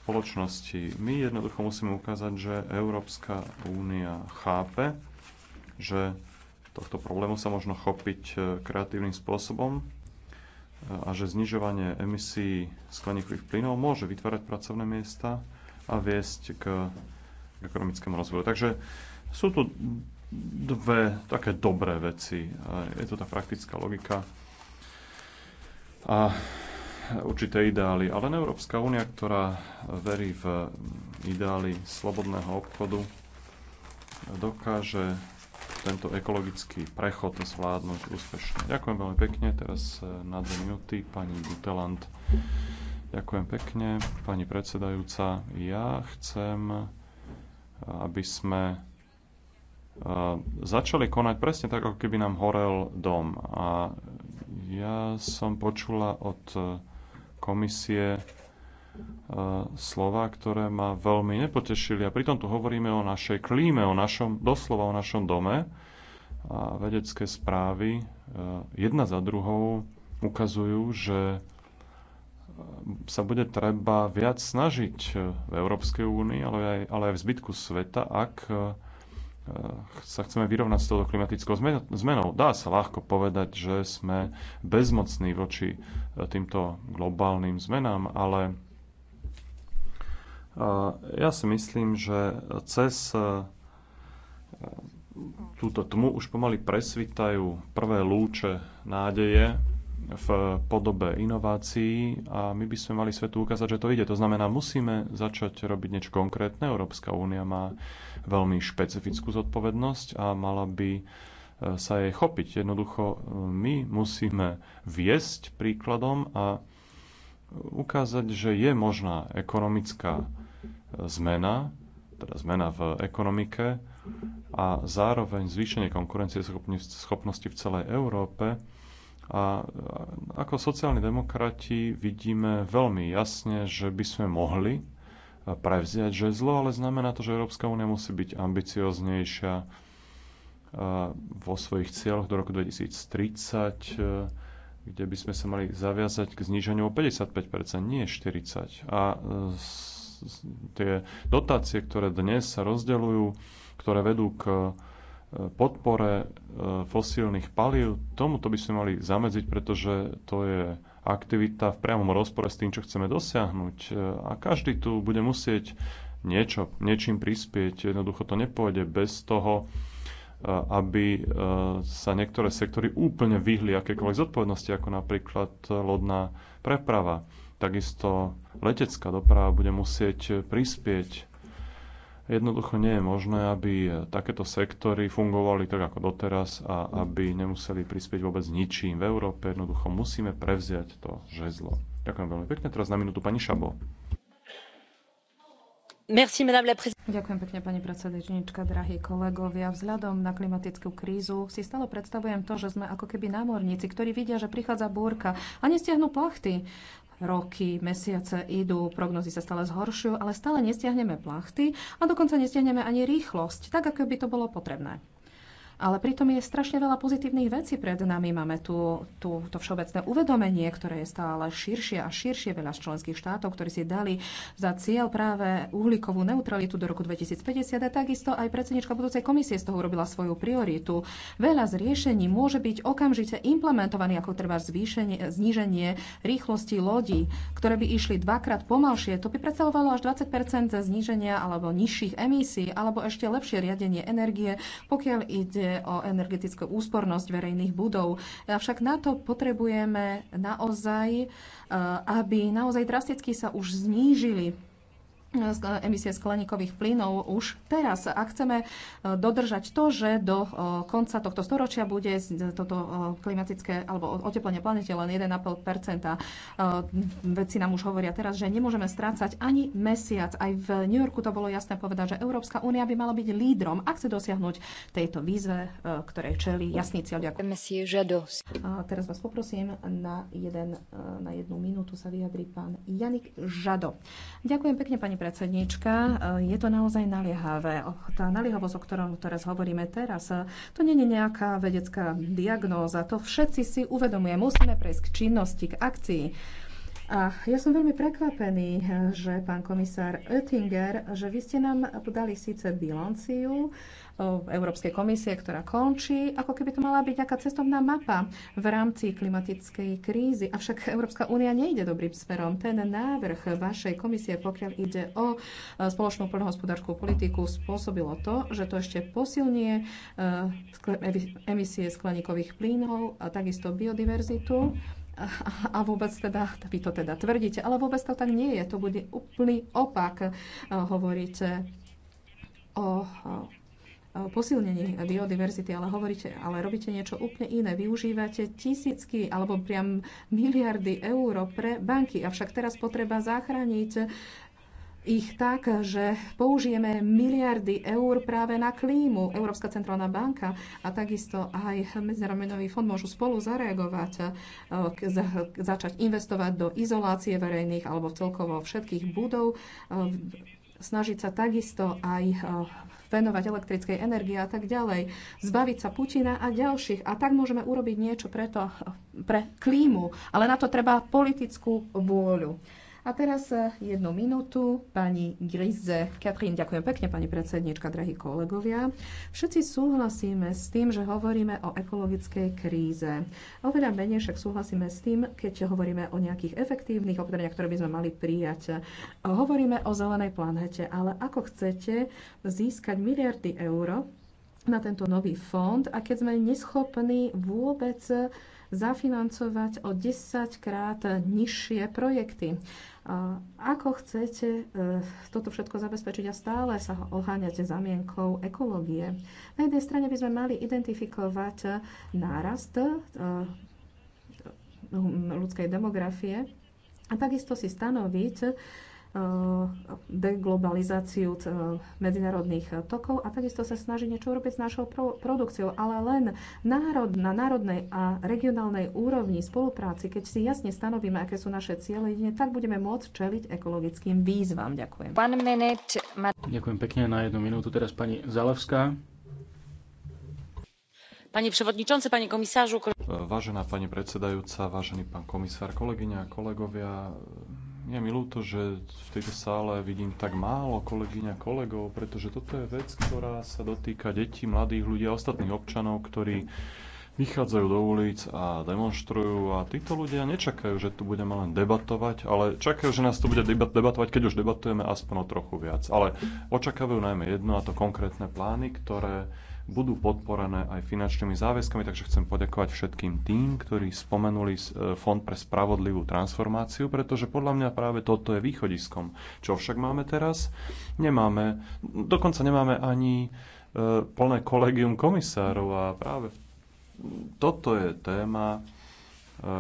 B: spoločnosti. My jednoducho musíme ukázať, že Európska únia chápe, že tohto problému sa možno chopiť e, kreatívnym spôsobom e, a že znižovanie emisí skleníkových plynov môže vytvárať pracovné miesta a viesť k ekonomickému rozvoju. Takže sú tu dve také dobré veci. Je to tá praktická logika a určité ideály. Ale Európska únia, ktorá verí v ideály slobodného obchodu, dokáže tento ekologický prechod zvládnuť úspešne. Ďakujem veľmi pekne. Teraz na dve minúty pani Guteland. Ďakujem pekne, pani predsedajúca. Ja chcem aby sme e, začali konať presne tak, ako keby nám horel dom. A ja som počula od komisie e, slova, ktoré ma veľmi nepotešili. A pritom tu hovoríme o našej klíme, o našom, doslova o našom dome. A vedecké správy e, jedna za druhou ukazujú, že Eh, sa bude treba viac snažiť eh, v Európskej únii, ale aj, ale aj v zbytku sveta, ak eh, sa chceme vyrovnať s touto klimatickou zmenou. Dá sa ľahko povedať, že sme bezmocní voči týmto globálnym zmenám, ale ja si myslím, že cez túto tmu už pomaly presvitajú prvé lúče nádeje v podobe inovácií a my by sme mali svetu ukázať, že to ide. To znamená, musíme začať robiť niečo konkrétne. Európska únia má veľmi špecifickú zodpovednosť a mala by e, sa jej chopiť. Jednoducho e, my musíme viesť príkladom a ukázať, že je možná ekonomická e, zmena, teda zmena v ekonomike a zároveň zvýšenie konkurencie schopnosti v celej Európe a ako sociálni demokrati vidíme veľmi jasne, že by sme mohli e, prevziať žezlo, ale znamená to, že Európska únia musí byť ambicioznejšia e, vo svojich cieľoch do roku 2030, e, kde by sme sa mali zaviazať k zníženiu o 55%, nie 40%. A tie dotácie, ktoré dnes sa rozdeľujú, ktoré vedú k podpore e, fosílnych palív, tomuto by sme mali zamedziť, pretože to je aktivita v priamom rozpore s tým, čo chceme dosiahnuť. E, a každý tu bude musieť niečo, niečím prispieť. Jednoducho to nepôjde bez toho, e, aby sa niektoré sektory úplne vyhli akékoľvek zodpovednosti, ako napríklad lodná preprava. Takisto letecká doprava bude musieť prispieť Jednoducho nie je možné, aby takéto sektory fungovali tak ako doteraz a aby nemuseli prispieť vôbec ničím. V Európe jednoducho musíme prevziať to žezlo. Ďakujem veľmi pekne. Teraz na minútu pani Šabo.
A: Merci, Ďakujem pekne, pani predsedníčka, drahí kolegovia. Vzhľadom na klimatickú krízu si stále predstavujem to, že sme ako keby námorníci, ktorí vidia, že prichádza búrka a nestiahnu plachty roky, mesiace idú, prognozy sa stále zhoršujú, ale stále nestiahneme plachty a dokonca nestiahneme ani rýchlosť, tak ako by to bolo potrebné. Ale pritom je strašne veľa pozitívnych vecí pred nami. Máme tu, tu to všeobecné uvedomenie, ktoré je stále širšie a širšie. Veľa členských štátov, ktorí si dali za cieľ práve uhlíkovú neutralitu do roku 2050 a takisto aj predsednička budúcej komisie z toho urobila svoju prioritu. Veľa z riešení môže byť okamžite implementovaný, ako treba zvýšenie, zníženie rýchlosti lodí, ktoré by išli dvakrát pomalšie. To by predstavovalo až 20 zníženia alebo nižších emisí, alebo ešte lepšie riadenie energie, pokiaľ ide ide o energetickú úspornosť verejných budov. Avšak na to potrebujeme naozaj, eh, aby naozaj drasticky sa už znížili E, emisie skleníkových plynov už teraz. Ak chceme e, dodržať to, že do e, konca tohto storočia bude toto klimatické alebo oteplenie planete len 1,5 Vedci nám už hovoria teraz, že nemôžeme strácať ani mesiac. Aj v New Yorku to bolo jasné povedať, že Európska únia by mala byť lídrom, ak chce dosiahnuť tejto výzve, ktorej čeli jasný cieľ. Ďakujem. teraz vás poprosím na, jeden, na jednu minútu sa vyjadri pán Janik Žado. Ďakujem pekne, pani pre predsednička. E, je to naozaj naliehavé. Tá naliehavosť, o ktorom teraz hovoríme teraz, e, to nie je nejaká vedecká diagnóza. To všetci si uvedomuje. Musíme prejsť k činnosti, k akcii a ja som veľmi prekvapený, že pán komisár Oettinger, že vy ste nám podali síce bilanciu e, Európskej komisie, ktorá končí, ako keby to mala byť nejaká cestovná mapa v rámci klimatickej krízy. Avšak Európska únia nejde dobrým smerom. Ten návrh vašej komisie, pokiaľ ide o e, spoločnú poľnohospodárskú politiku, spôsobilo to, že to ešte posilnie e, emisie skleníkových plynov a takisto biodiverzitu a vôbec teda, vy to teda tvrdíte, ale vôbec to tak nie je. To bude úplný opak. Eh, hovoríte o posilnení biodiverzity, ale hovoríte, ale robíte niečo úplne iné. Využívate tisícky alebo priam miliardy eur pre banky. Avšak teraz potreba zachrániť eh, ich tak, že použijeme miliardy eur práve na klímu. Európska centrálna banka a takisto aj Medzinárodný fond môžu spolu zareagovať, e, začať investovať do izolácie verejných alebo celkovo všetkých budov, e, snažiť sa takisto aj e, venovať elektrickej energii a tak ďalej, zbaviť sa Putina a ďalších. A tak môžeme urobiť niečo preto, pre klímu, ale na to treba politickú vôľu. A teraz e, jednu minútu pani Grize. Katrín, ďakujem pekne, pani predsednička, drahí kolegovia. Všetci súhlasíme s tým, že hovoríme o ekologickej kríze. Oveľa menej však súhlasíme s tým, keď hovoríme o nejakých efektívnych opatreniach, ktoré by sme mali prijať. Hovoríme o zelenej planete, ale ako chcete získať miliardy eur na tento nový fond a keď sme neschopní vôbec zafinancovať o 10 krát nižšie projekty. Ako chcete e, toto všetko zabezpečiť a stále sa oháňate zamienkou ekológie? Na jednej strane by sme mali identifikovať e, nárast e, ľudskej demografie a takisto si stanoviť Eh, deglobalizáciu eh, medzinárodných tokov a takisto sa snaží niečo urobiť s našou produkciou, ale len národ, na národnej a regionálnej úrovni spolupráci, keď si jasne stanovíme, aké sú naše ciele, jedine tak budeme môcť čeliť ekologickým výzvam. Ďakujem.
D: Ďakujem pekne na jednu minútu. Teraz pani Zalevská.
C: Pani przewodniczący, panie komisarzu.
D: Vážená pani
B: predsedajúca, vážený pán komisár, kolegyňa a kolegovia, je mi ľúto, že v tejto sále vidím tak málo kolegyň a kolegov, pretože toto je vec, ktorá sa dotýka detí, mladých ľudí a ostatných občanov, ktorí vychádzajú do ulic a demonstrujú a títo ľudia nečakajú, že tu budeme len debatovať, ale čakajú, že nás tu bude debatovať, keď už debatujeme aspoň o trochu viac. Ale očakávajú najmä jedno a to konkrétne plány, ktoré budú podporené aj finančnými záväzkami, takže chcem poďakovať všetkým tým, ktorí spomenuli e, Fond pre spravodlivú transformáciu, pretože podľa mňa práve toto je východiskom. Čo však máme teraz? Nemáme, dokonca nemáme ani e, plné kolegium komisárov a práve toto je téma, e,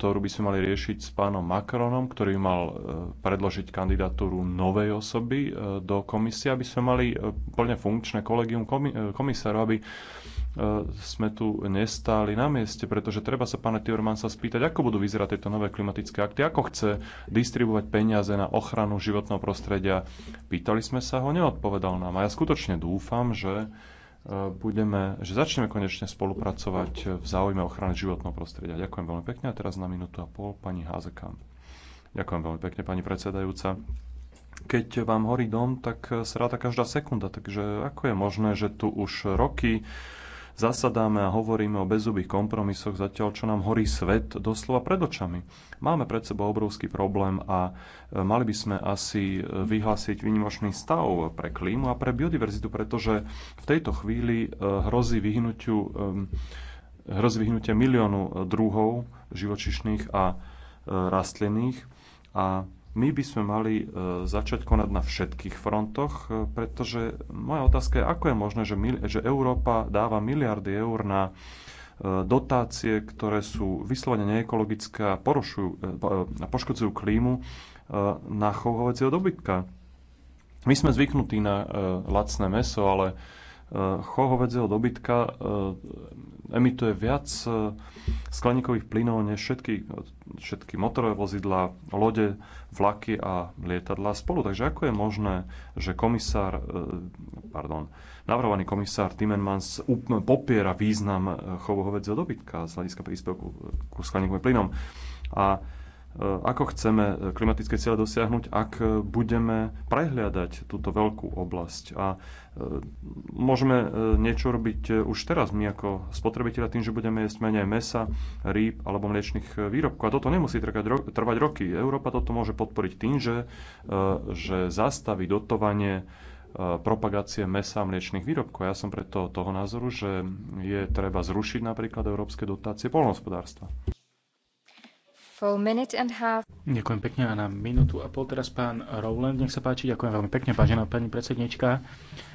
B: ktorú by sme mali riešiť s pánom Macronom, ktorý mal e, predložiť kandidatúru novej osoby e, do komisie, aby sme mali e, plne funkčné kolegium komisárov, aby sme tu nestáli na mieste, pretože treba sa pána sa spýtať, ako budú vyzerať tieto nové klimatické akty, ako chce distribuovať peniaze na ochranu životného prostredia. Pýtali sme sa ho, neodpovedal nám. A ja skutočne dúfam, že budeme, že začneme konečne spolupracovať v záujme ochrany životného prostredia. Ďakujem veľmi pekne a teraz na minútu a pol pani Házekam. Ďakujem veľmi pekne, pani predsedajúca. Keď vám horí dom, tak sa ráta každá sekunda, takže ako je možné, že tu už roky zasadáme a hovoríme o bezubých kompromisoch, zatiaľ čo nám horí svet doslova pred očami. Máme pred sebou obrovský problém a e, mali by sme asi e, vyhlásiť výnimočný stav pre klímu a pre biodiverzitu, pretože v tejto chvíli e, hrozí vyhnutiu hrozí vyhnutie miliónu druhov živočišných a rastlinných a my by sme mali e, začať konať na všetkých frontoch, e, pretože moja otázka je, ako je možné, že, mil, že Európa dáva miliardy eur na e, dotácie, ktoré sú vyslovene neekologické a porušujú, poškodzujú klímu na chovovacieho dobytka. My sme zvyknutí na lacné meso, ale chovovedzieho dobytka emituje viac e, skleníkových plynov než všetky, všetky motorové vozidla, lode, vlaky a lietadla spolu. Takže ako je možné, že komisár, e, pardon, navrhovaný komisár Timmermans popiera význam chovu hovedzieho dobytka z hľadiska príspevku ku skleníkovým plynom? A E, ako chceme e, klimatické ciele dosiahnuť, ak e, budeme prehliadať túto veľkú oblasť. A môžeme niečo robiť už teraz my ako spotrebitelia tým, že budeme jesť menej mesa, rýb alebo mliečných výrobkov. A toto nemusí trvať roky. Európa toto môže podporiť tým, že, že zastaví dotovanie propagácie mesa a mliečných výrobkov. Ja som preto toho názoru, že je treba zrušiť napríklad európske dotácie
D: polnohospodárstva.
C: Ďakujem
D: pekne a na minútu a pol teraz pán Rowland, nech sa páči. Ďakujem veľmi pekne, vážená pani predsednička.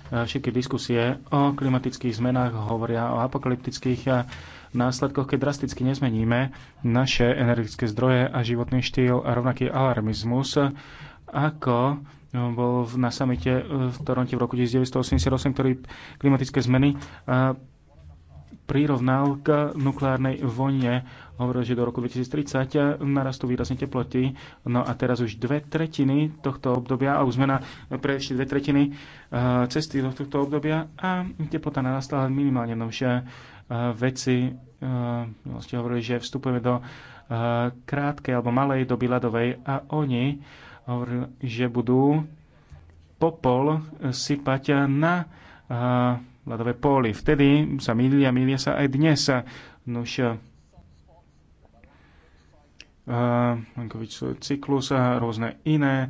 D: E, Všetky diskusie o klimatických zmenách hovoria o apokalyptických e, následkoch, keď drasticky nezmeníme naše energetické zdroje a životný štýl a rovnaký alarmizmus, e, ako bol na samite v Toronte v roku 1988, ktorý klimatické zmeny prirovnal k nukleárnej vojne. Hovoril, že do roku 2030 narastú výrazne teploty. No a teraz už dve tretiny tohto obdobia, a už sme na prešli dve tretiny eh, cesty do tohto obdobia a teplota narastla minimálne. novšie veci. Eh, vedci vlastne hovorili, že vstupujeme do krátkej alebo malej doby ľadovej a oni hovorili, že budú popol sypať na ľadové póly. Vtedy sa milia, milia sa aj dnes. Nuž, eh, Lankovič cyklus a eh, rôzne iné eh,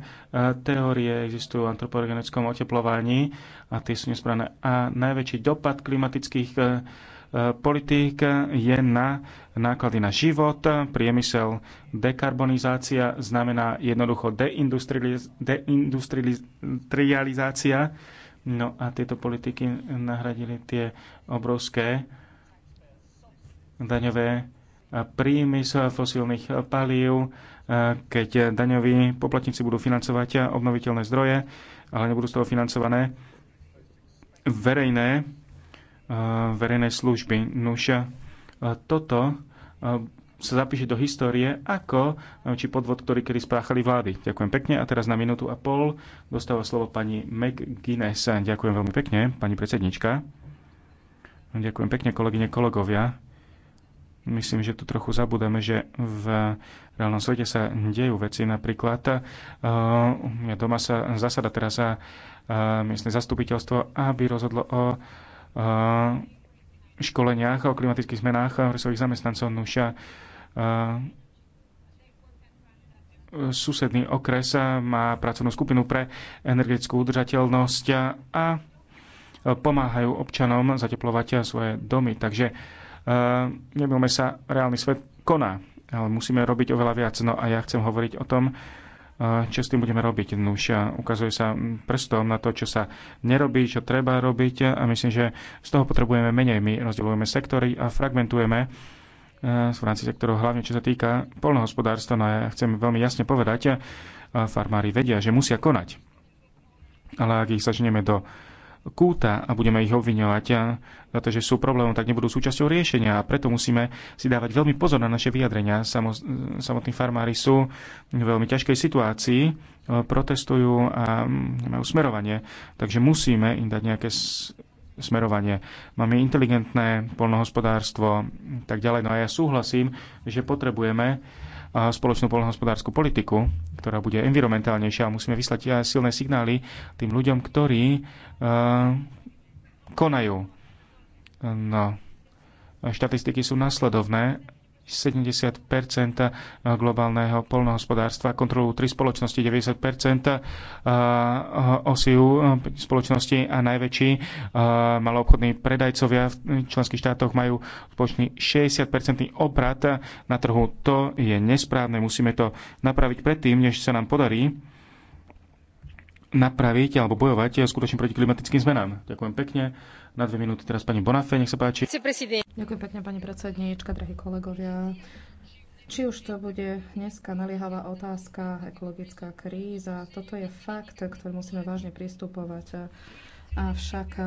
D: teórie existujú v antropogenickom oteplovaní a tie sú nesprávne. A najväčší dopad klimatických politík je na náklady na život, priemysel, dekarbonizácia znamená jednoducho deindustrializácia No a tieto politiky nahradili tie obrovské daňové príjmy z fosílnych palív, keď daňoví poplatníci budú financovať obnoviteľné zdroje, ale nebudú z toho financované verejné, verejné služby. Nuž, toto sa zapíše do histórie ako eh, či podvod, ktorý kedy spáchali vlády. Ďakujem pekne a teraz na minútu a pol dostáva slovo pani McGuinness. Ďakujem veľmi pekne, pani predsednička. Ďakujem pekne, kolegyne, kolegovia. Myslím, že tu trochu zabudeme, že v reálnom svete sa dejú veci. Napríklad uh, doma sa zasada teraz uh, miestne zastupiteľstvo, aby rozhodlo o školeniach o klimatických zmenách pre svojich zamestnancov. Nuša, susedný okres má pracovnú skupinu pre energetickú udržateľnosť a pomáhajú občanom zateplovať svoje domy. Takže nebylme sa, reálny svet koná, ale musíme robiť oveľa viac. No a ja chcem hovoriť o tom, čo s tým budeme robiť. Už ukazuje sa prstom na to, čo sa nerobí, čo treba robiť a myslím, že z toho potrebujeme menej. My rozdeľujeme sektory a fragmentujeme e, v rámci sektorov, hlavne čo sa týka polnohospodárstva. No ja chcem veľmi jasne povedať, farmári vedia, že musia konať. Ale ak ich začneme do kúta a budeme ich obviňovať eh, za to, že sú problémom, tak nebudú súčasťou riešenia a preto musíme si dávať veľmi pozor na naše vyjadrenia. samotní farmári sú v veľmi ťažkej situácii, eh, protestujú a mm, majú smerovanie, takže musíme im dať nejaké smerovanie. Máme inteligentné polnohospodárstvo mm, tak ďalej. No a ja súhlasím, že potrebujeme spoločnú polnohospodárskú politiku, ktorá bude environmentálnejšia a musíme vyslať aj eh, silné signály tým ľuďom, ktorí eh, konajú. No, štatistiky sú následovné 70 globálneho polnohospodárstva, kontrolujú tri spoločnosti, 90 eh, osiu spoločnosti a najväčší eh, maloobchodní predajcovia v členských štátoch majú spoločný 60 obrat na trhu. To je nesprávne, musíme to napraviť predtým, než sa nám podarí napraviť alebo bojovať skutočne proti klimatickým zmenám. Ďakujem pekne. Na dve minúty teraz pani Bonafé, nech sa páči.
A: Ďakujem pekne, pani predsedníčka, drahí kolegovia. Či už to bude dneska naliehavá otázka, ekologická kríza, toto je fakt, ktorý musíme vážne pristupovať. Avšak eh,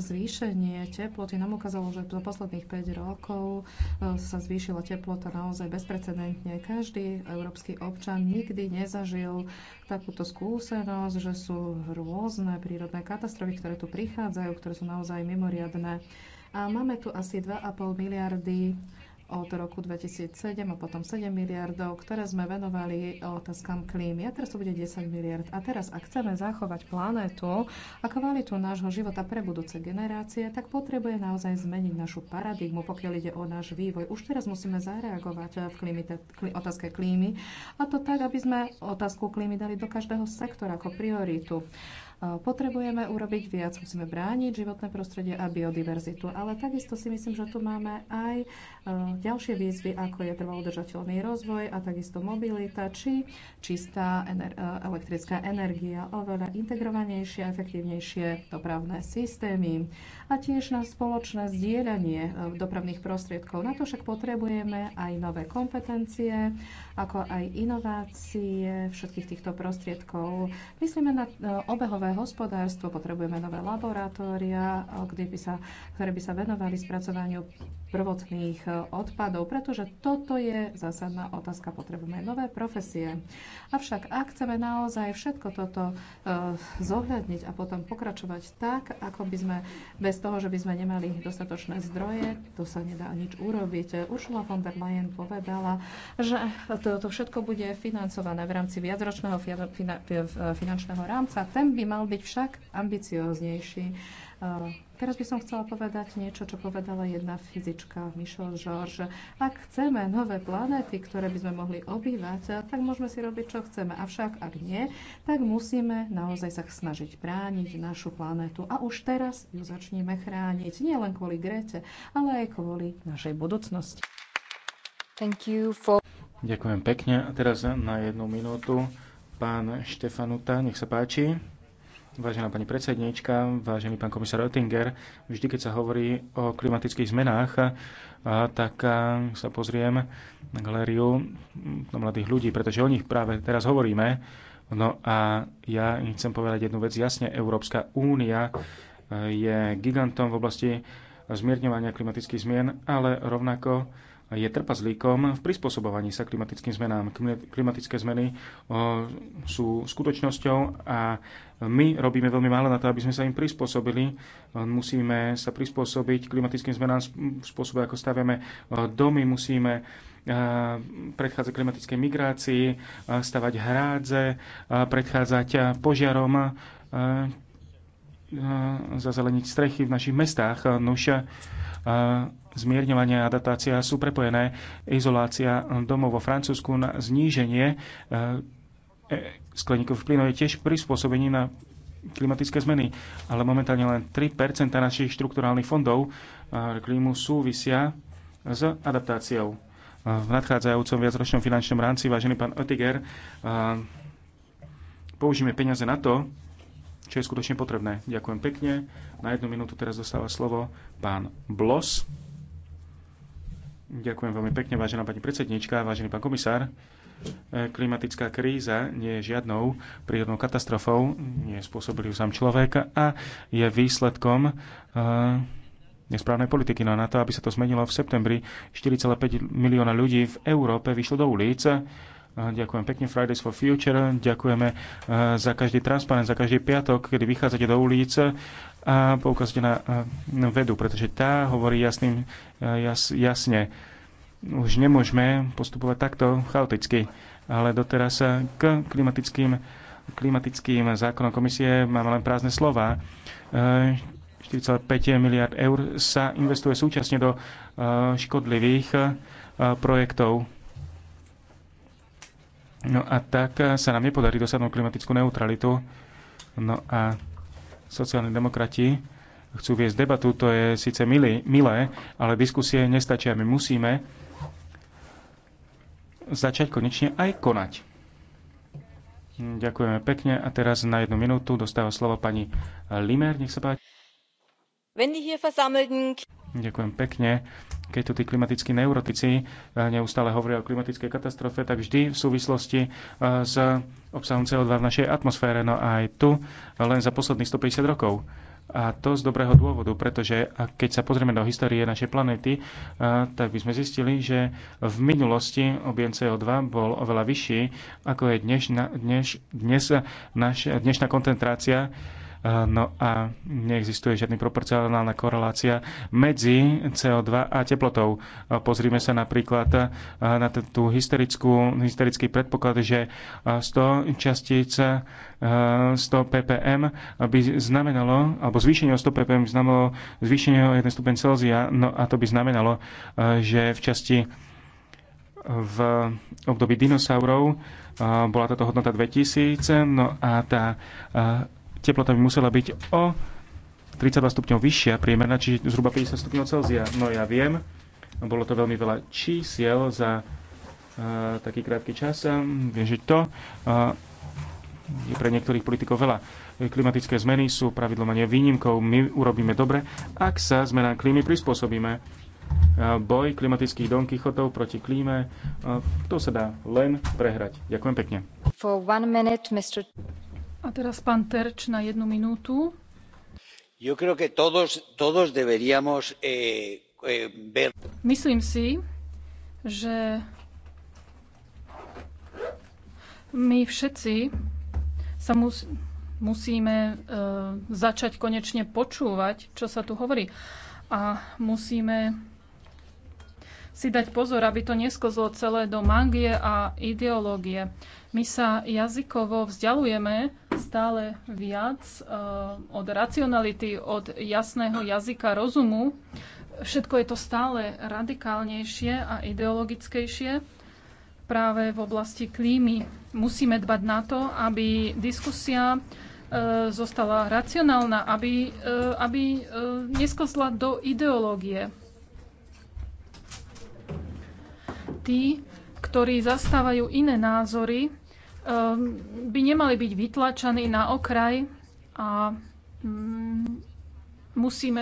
A: zvýšenie teploty nám ukázalo, že za posledných 5 rokov eh, sa zvýšila teplota naozaj bezprecedentne. Každý európsky občan nikdy nezažil takúto skúsenosť, že sú rôzne prírodné katastrofy, ktoré tu prichádzajú, ktoré sú naozaj mimoriadné. A máme tu asi 2,5 miliardy od roku 2007 a potom 7 miliardov, ktoré sme venovali otázkam klímy. A teraz to bude 10 miliard. A teraz, ak chceme zachovať planétu a kvalitu nášho života pre budúce generácie, tak potrebuje naozaj zmeniť našu paradigmu, pokiaľ ide o náš vývoj. Už teraz musíme zareagovať v klímy, klí, otázke klímy a to tak, aby sme otázku klímy dali do každého sektora ako prioritu. Potrebujeme urobiť viac, musíme brániť životné prostredie a biodiverzitu, ale takisto si myslím, že tu máme aj e, ďalšie výzvy, ako je trvalo rozvoj a takisto mobilita či čistá ener- e, elektrická energia, oveľa integrovanejšie a efektívnejšie dopravné systémy a tiež na spoločné zdieľanie e, dopravných prostriedkov. Na to však potrebujeme aj nové kompetencie, ako aj inovácie všetkých týchto prostriedkov. Myslíme na e, obehové hospodárstvo, potrebujeme nové laboratória, e, kde by sa, ktoré by sa venovali spracovaniu prvotných eh, odpadov, pretože toto je zásadná otázka. Potrebujeme nové profesie. Avšak ak chceme naozaj všetko toto eh, zohľadniť a potom pokračovať tak, ako by sme bez toho, že by sme nemali dostatočné zdroje, to sa nedá nič urobiť. Ursula von der Leyen povedala, že toto všetko bude financované v rámci viacročného finančného rámca. Ten by mal byť však ambicioznejší eh, Teraz by som chcela povedať niečo, čo povedala jedna fyzička, Michel George. Ak chceme nové planéty, ktoré by sme mohli obývať, tak môžeme si robiť, čo chceme. Avšak ak nie, tak musíme naozaj sa snažiť brániť našu planétu. A už teraz ju začneme chrániť. Nie len kvôli Grete, ale aj kvôli našej budúcnosti. Thank you for...
D: Ďakujem pekne. A teraz na jednu minútu pán Štefanuta, nech sa páči. Vážená pani predsedníčka, vážený pán komisár Oettinger, vždy, keď sa hovorí o klimatických zmenách, tak sa pozriem na galériu na mladých ľudí, pretože o nich práve teraz hovoríme. No a ja im chcem povedať jednu vec jasne. Európska únia e, je gigantom v oblasti zmierňovania klimatických zmien, ale rovnako je trpazlíkom v prispôsobovaní sa klimatickým zmenám. Klimatické zmeny sú skutočnosťou a my robíme veľmi málo na to, aby sme sa im prispôsobili. Musíme sa prispôsobiť klimatickým zmenám v spôsobe, ako staviame domy, musíme predchádzať klimatickej migrácii, stavať hrádze, predchádzať požiarom, Eh, zazeleniť strechy v našich mestách. Eh, nuž eh, zmierňovanie a adaptácia sú prepojené. Izolácia domov vo Francúzsku na zníženie e, skleníkov plynov je tiež prispôsobenie na klimatické zmeny, ale momentálne len 3 našich štrukturálnych fondov klímu súvisia s adaptáciou. V nadchádzajúcom viacročnom finančnom rámci, vážený pán Oettinger, použijeme peniaze na to, čo je skutočne potrebné. Ďakujem pekne. Na jednu minútu teraz dostáva slovo pán Blos. Ďakujem veľmi pekne, vážená pani predsednička, vážený pán komisár. E, klimatická kríza nie je žiadnou prírodnou katastrofou, nie spôsobili ju sám človek a je výsledkom uh, nesprávnej politiky. No a na to, aby sa to zmenilo v septembri, 4,5 milióna ľudí v Európe vyšlo do ulic Ďakujem pekne Fridays for Future, ďakujeme eh, za každý transparent, za každý piatok, kedy vychádzate do ulice a poukazujete na eh, vedu, pretože tá hovorí jasným, eh, jas, jasne. Už nemôžeme postupovať takto chaoticky, ale doteraz k klimatickým, klimatickým zákonom komisie máme len prázdne slova. 4,5 miliard eur sa investuje súčasne do škodlivých projektov No a tak eh, sa nám nepodarí dosadnúť klimatickú neutralitu. No a sociálni demokrati chcú viesť debatu, to je síce milý, milé, ale diskusie nestačia. My musíme začať konečne aj konať. Ďakujeme pekne a teraz na jednu minútu dostáva slovo pani Limer, nech sa páči. Ďakujem pekne. Keď tu tí klimatickí neurotici eh, neustále hovoria o klimatickej katastrofe, tak vždy v súvislosti eh, s obsahom CO2 v našej atmosfére, no aj tu eh, len za posledných 150 rokov. A to z dobrého dôvodu, pretože keď sa pozrieme do histórie našej planéty, tak by sme zistili, že v minulosti objem CO2 bol oveľa vyšší, ako je dnešná, dneš, dnes naš, dnešná koncentrácia No a neexistuje žiadna proporcionálna korelácia medzi CO2 a teplotou. Pozrime sa napríklad na tú hysterickú, hysterický predpoklad, že 100 častíc 100 ppm by znamenalo, alebo zvýšenie o 100 ppm by znamenalo zvýšenie o 1 stupeň Celzia, no a to by znamenalo, že v časti v období dinosaurov bola táto hodnota 2000, no a tá teplota by musela byť o 32 stupňov vyššia priemerná, čiže zhruba 50 stupňov Celzia. No ja viem, bolo to veľmi veľa čísiel za uh, taký krátky čas. Viem, že to uh, je pre niektorých politikov veľa. Klimatické zmeny sú pravidlom a výnimkou. My urobíme dobre, ak sa zmenám klímy prispôsobíme. Uh, boj klimatických Don proti klíme, uh, to sa dá len prehrať. Ďakujem pekne.
C: For one minute, Mr. A teraz pán Terč na jednu minútu. Yo creo que todos, todos deberíamos eh, eh, ver... Myslím si, že my všetci sa mus, musíme e, začať konečne počúvať, čo sa tu hovorí. A musíme si dať pozor, aby to neskozlo celé do magie a ideológie. My sa jazykovo vzdialujeme stále viac eh, od racionality, od jasného jazyka rozumu. Všetko je to stále radikálnejšie a ideologickejšie práve v oblasti klímy. Musíme dbať na to, aby diskusia eh, zostala racionálna, aby, eh, aby neskosla do ideológie. tí, ktorí zastávajú iné názory, eh, by nemali byť vytlačaní na okraj a mm, musíme